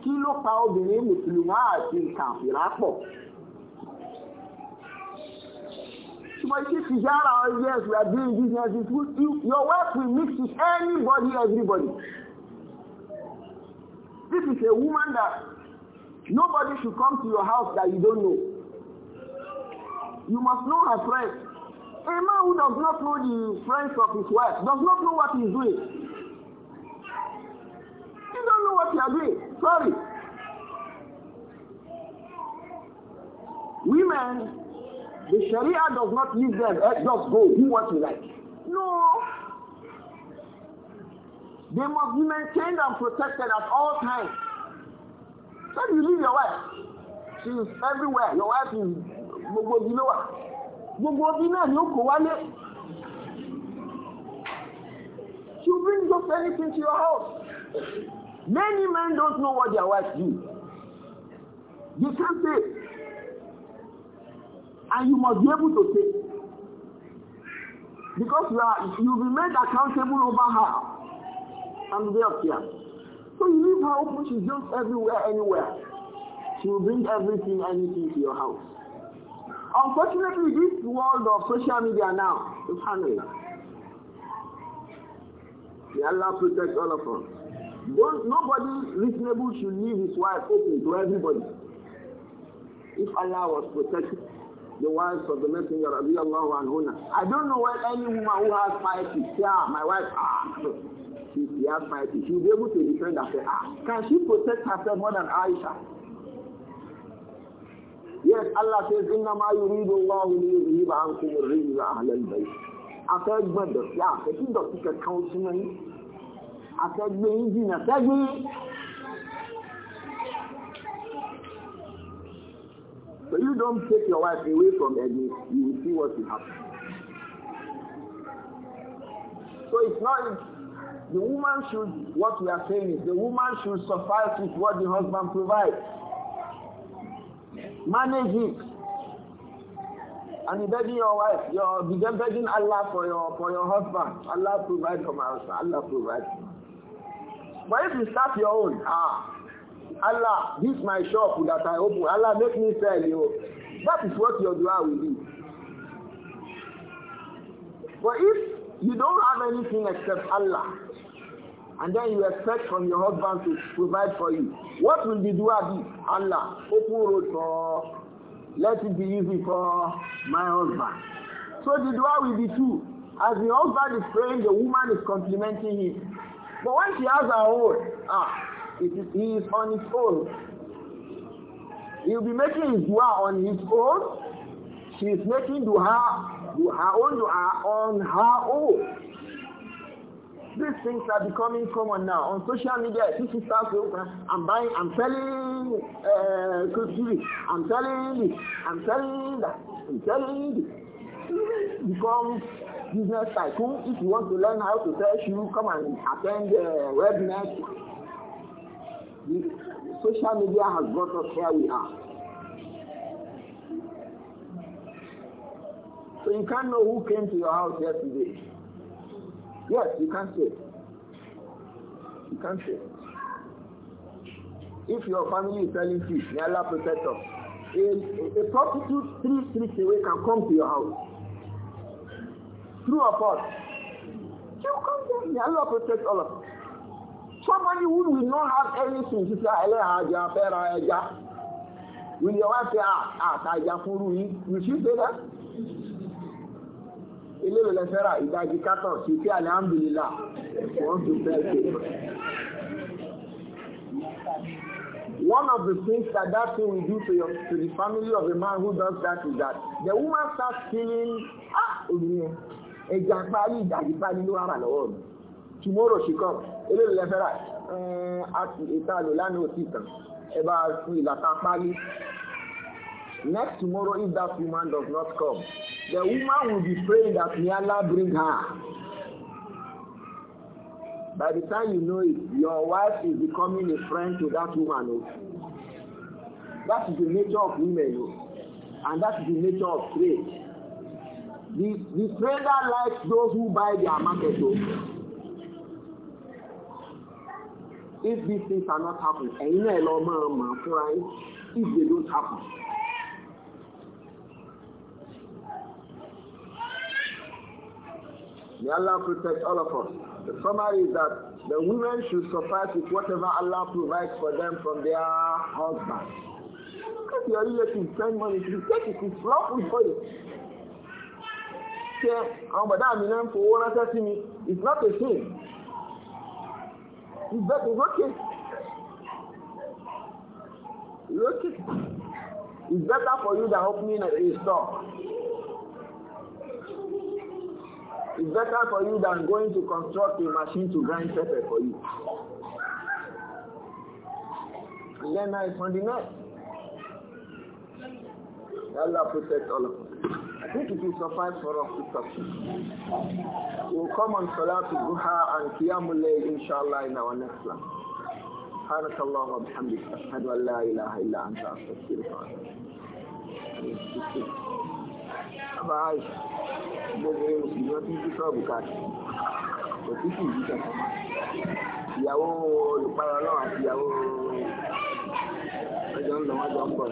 kí ló pa obìnrin mùsùlùmá àti kàfírà pọ̀. But if you hear our yes, we are doing business with you, your work will mix with anybody, everybody. This is a woman that nobody should come to your house that you don't know. You must know her friends. A man who does not know the friends of his wife does not know what he's doing. He don't know what he are doing. Sorry. Women, the Sharia does not leave them. Eh, just go, do what you like. No. They must be maintained and protected at all times. So you leave your wife. She's everywhere. Your wife is, you know what? gbogbo bí náà ni ó kò wálé. You bring just anything to your house. Many men don't know what their wife do. You can't say. And you must be able to say. Because you are, you be made accountable over her and the day of So you leave her open, she jumps everywhere, anywhere. She will bring everything, anything to your house. Unfortunately, this world of social media now, subhanAllah. May Allah protect all of us. Don't, nobody reasonable should leave his wife open to everybody. If Allah was protecting the wives of the Messenger of Allah I don't know why any woman who has piety, yeah, my wife, ah, she, she has piety, she'll be able to defend herself. Ah, can she protect herself more than Aisha? Yes, Allah says, "Inna ma Allah al bayt." اللَّهُ لِيُذْهِبَ عَنْكُمُ الرِّجْلَ أَهْلَ الْبَيْتِ Afẹ́gbọ́n dọ̀tí àfẹ́kí dọ̀tí kẹkàn súnmọ́ yín. Afẹ́gbé yín jìnà sẹ́gbé. So you don't take your wife away from Edmund, you will see what will happen. So it's not the woman should, what we are saying is the woman should suffice with what the husband provides. Manage it. And begging your wife, you're begging Allah for your for your husband. Allah provide for my husband. Allah provide. But if you start your own, ah, Allah, this my shop that I open. Allah make me sell you. That is what your dua will be. But if you don't have anything except Allah, and then you expect from your husband to provide for you. What will the dua be? Allah, open road for, let it be easy for my husband. So the dua will be two. As the husband is praying, the woman is complimenting him. But when she has her own, ah, it is, he is on his own. He'll be making his dua on his own. She is making dua, her own dua on her own. These things are becoming common now. On social media, this is also, I'm buying, I'm selling uh, TV, I'm selling this, I'm selling that, I'm selling this. Become business tycoon. If you want to learn how to sell shoes, come and attend uh, webinars. Social media has brought us where we are. So you can't know who came to your house yesterday. Yes, you can say. You can say. If your family is selling fish, may Allah protect us. A, a, prostitute three streets away can come to your house. Through a pot. She will come there. May Allah protect all of us. Somebody who will not have anything, she say, "I ah, Ele aja, ah, pera aja. Will your wife say, ah, ah, aja furu yi? Will she say that? ilé ìrẹ̀lẹ̀ ìdájí kátọ̀ sí kí alihamdulilá wọ́n tún fẹ́ ṣe. One of the things that that thing will do to, your, to the family of a man who does that is that the woman starts feeling ah obìnrin ẹja parí ìdájí parí ló wà lọ́wọ́ mi tomorrow she come ilé ìrẹ̀lẹ̀ fẹ́ra ẹ̀ẹ́n àti ìta lò lánàá òtítàn ẹ bá fi ìlàta parí Next tomorrow, if that woman does not come, the woman will be praying that may Allah bring her. By the time you know it, your wife is becoming a friend to that woman. Oh. That is the nature of women. Oh. And that is the nature of trade. The, the trader likes those who buy their market. Oh. If these things are not happening, and you know, if they don't happen, May Allah protect all of us. The summary is that the women should suffice with whatever Allah provides for them from their husband. Because your relative spend money, to take it, it's lawful for you. Ṣé àwọn but that náà for fowó ránṣẹ́ sí It's not a sin. It's better, it's okay. It's okay. It's better for you than opening a store. It's better for you than going to construct a machine to grind pepper for you. And then I on the net. Allah protect all of us. I think it will suffice for us to talk. We'll come on Salatul Duha and Qiyamul inshallah in our next class. سبحانك اللهم وبحمدك أشهد أن لا إله إلا أنت أستغفرك وأتوب إليك àmà àìsí gbogbo ìwọ́n tí ń sọ́ọ̀bù káàkiri òtútù ìlú kankan ìyàwó olùpayọ náà àti ìyàwó ọjọ́ ń lọ wájọ ń bọ̀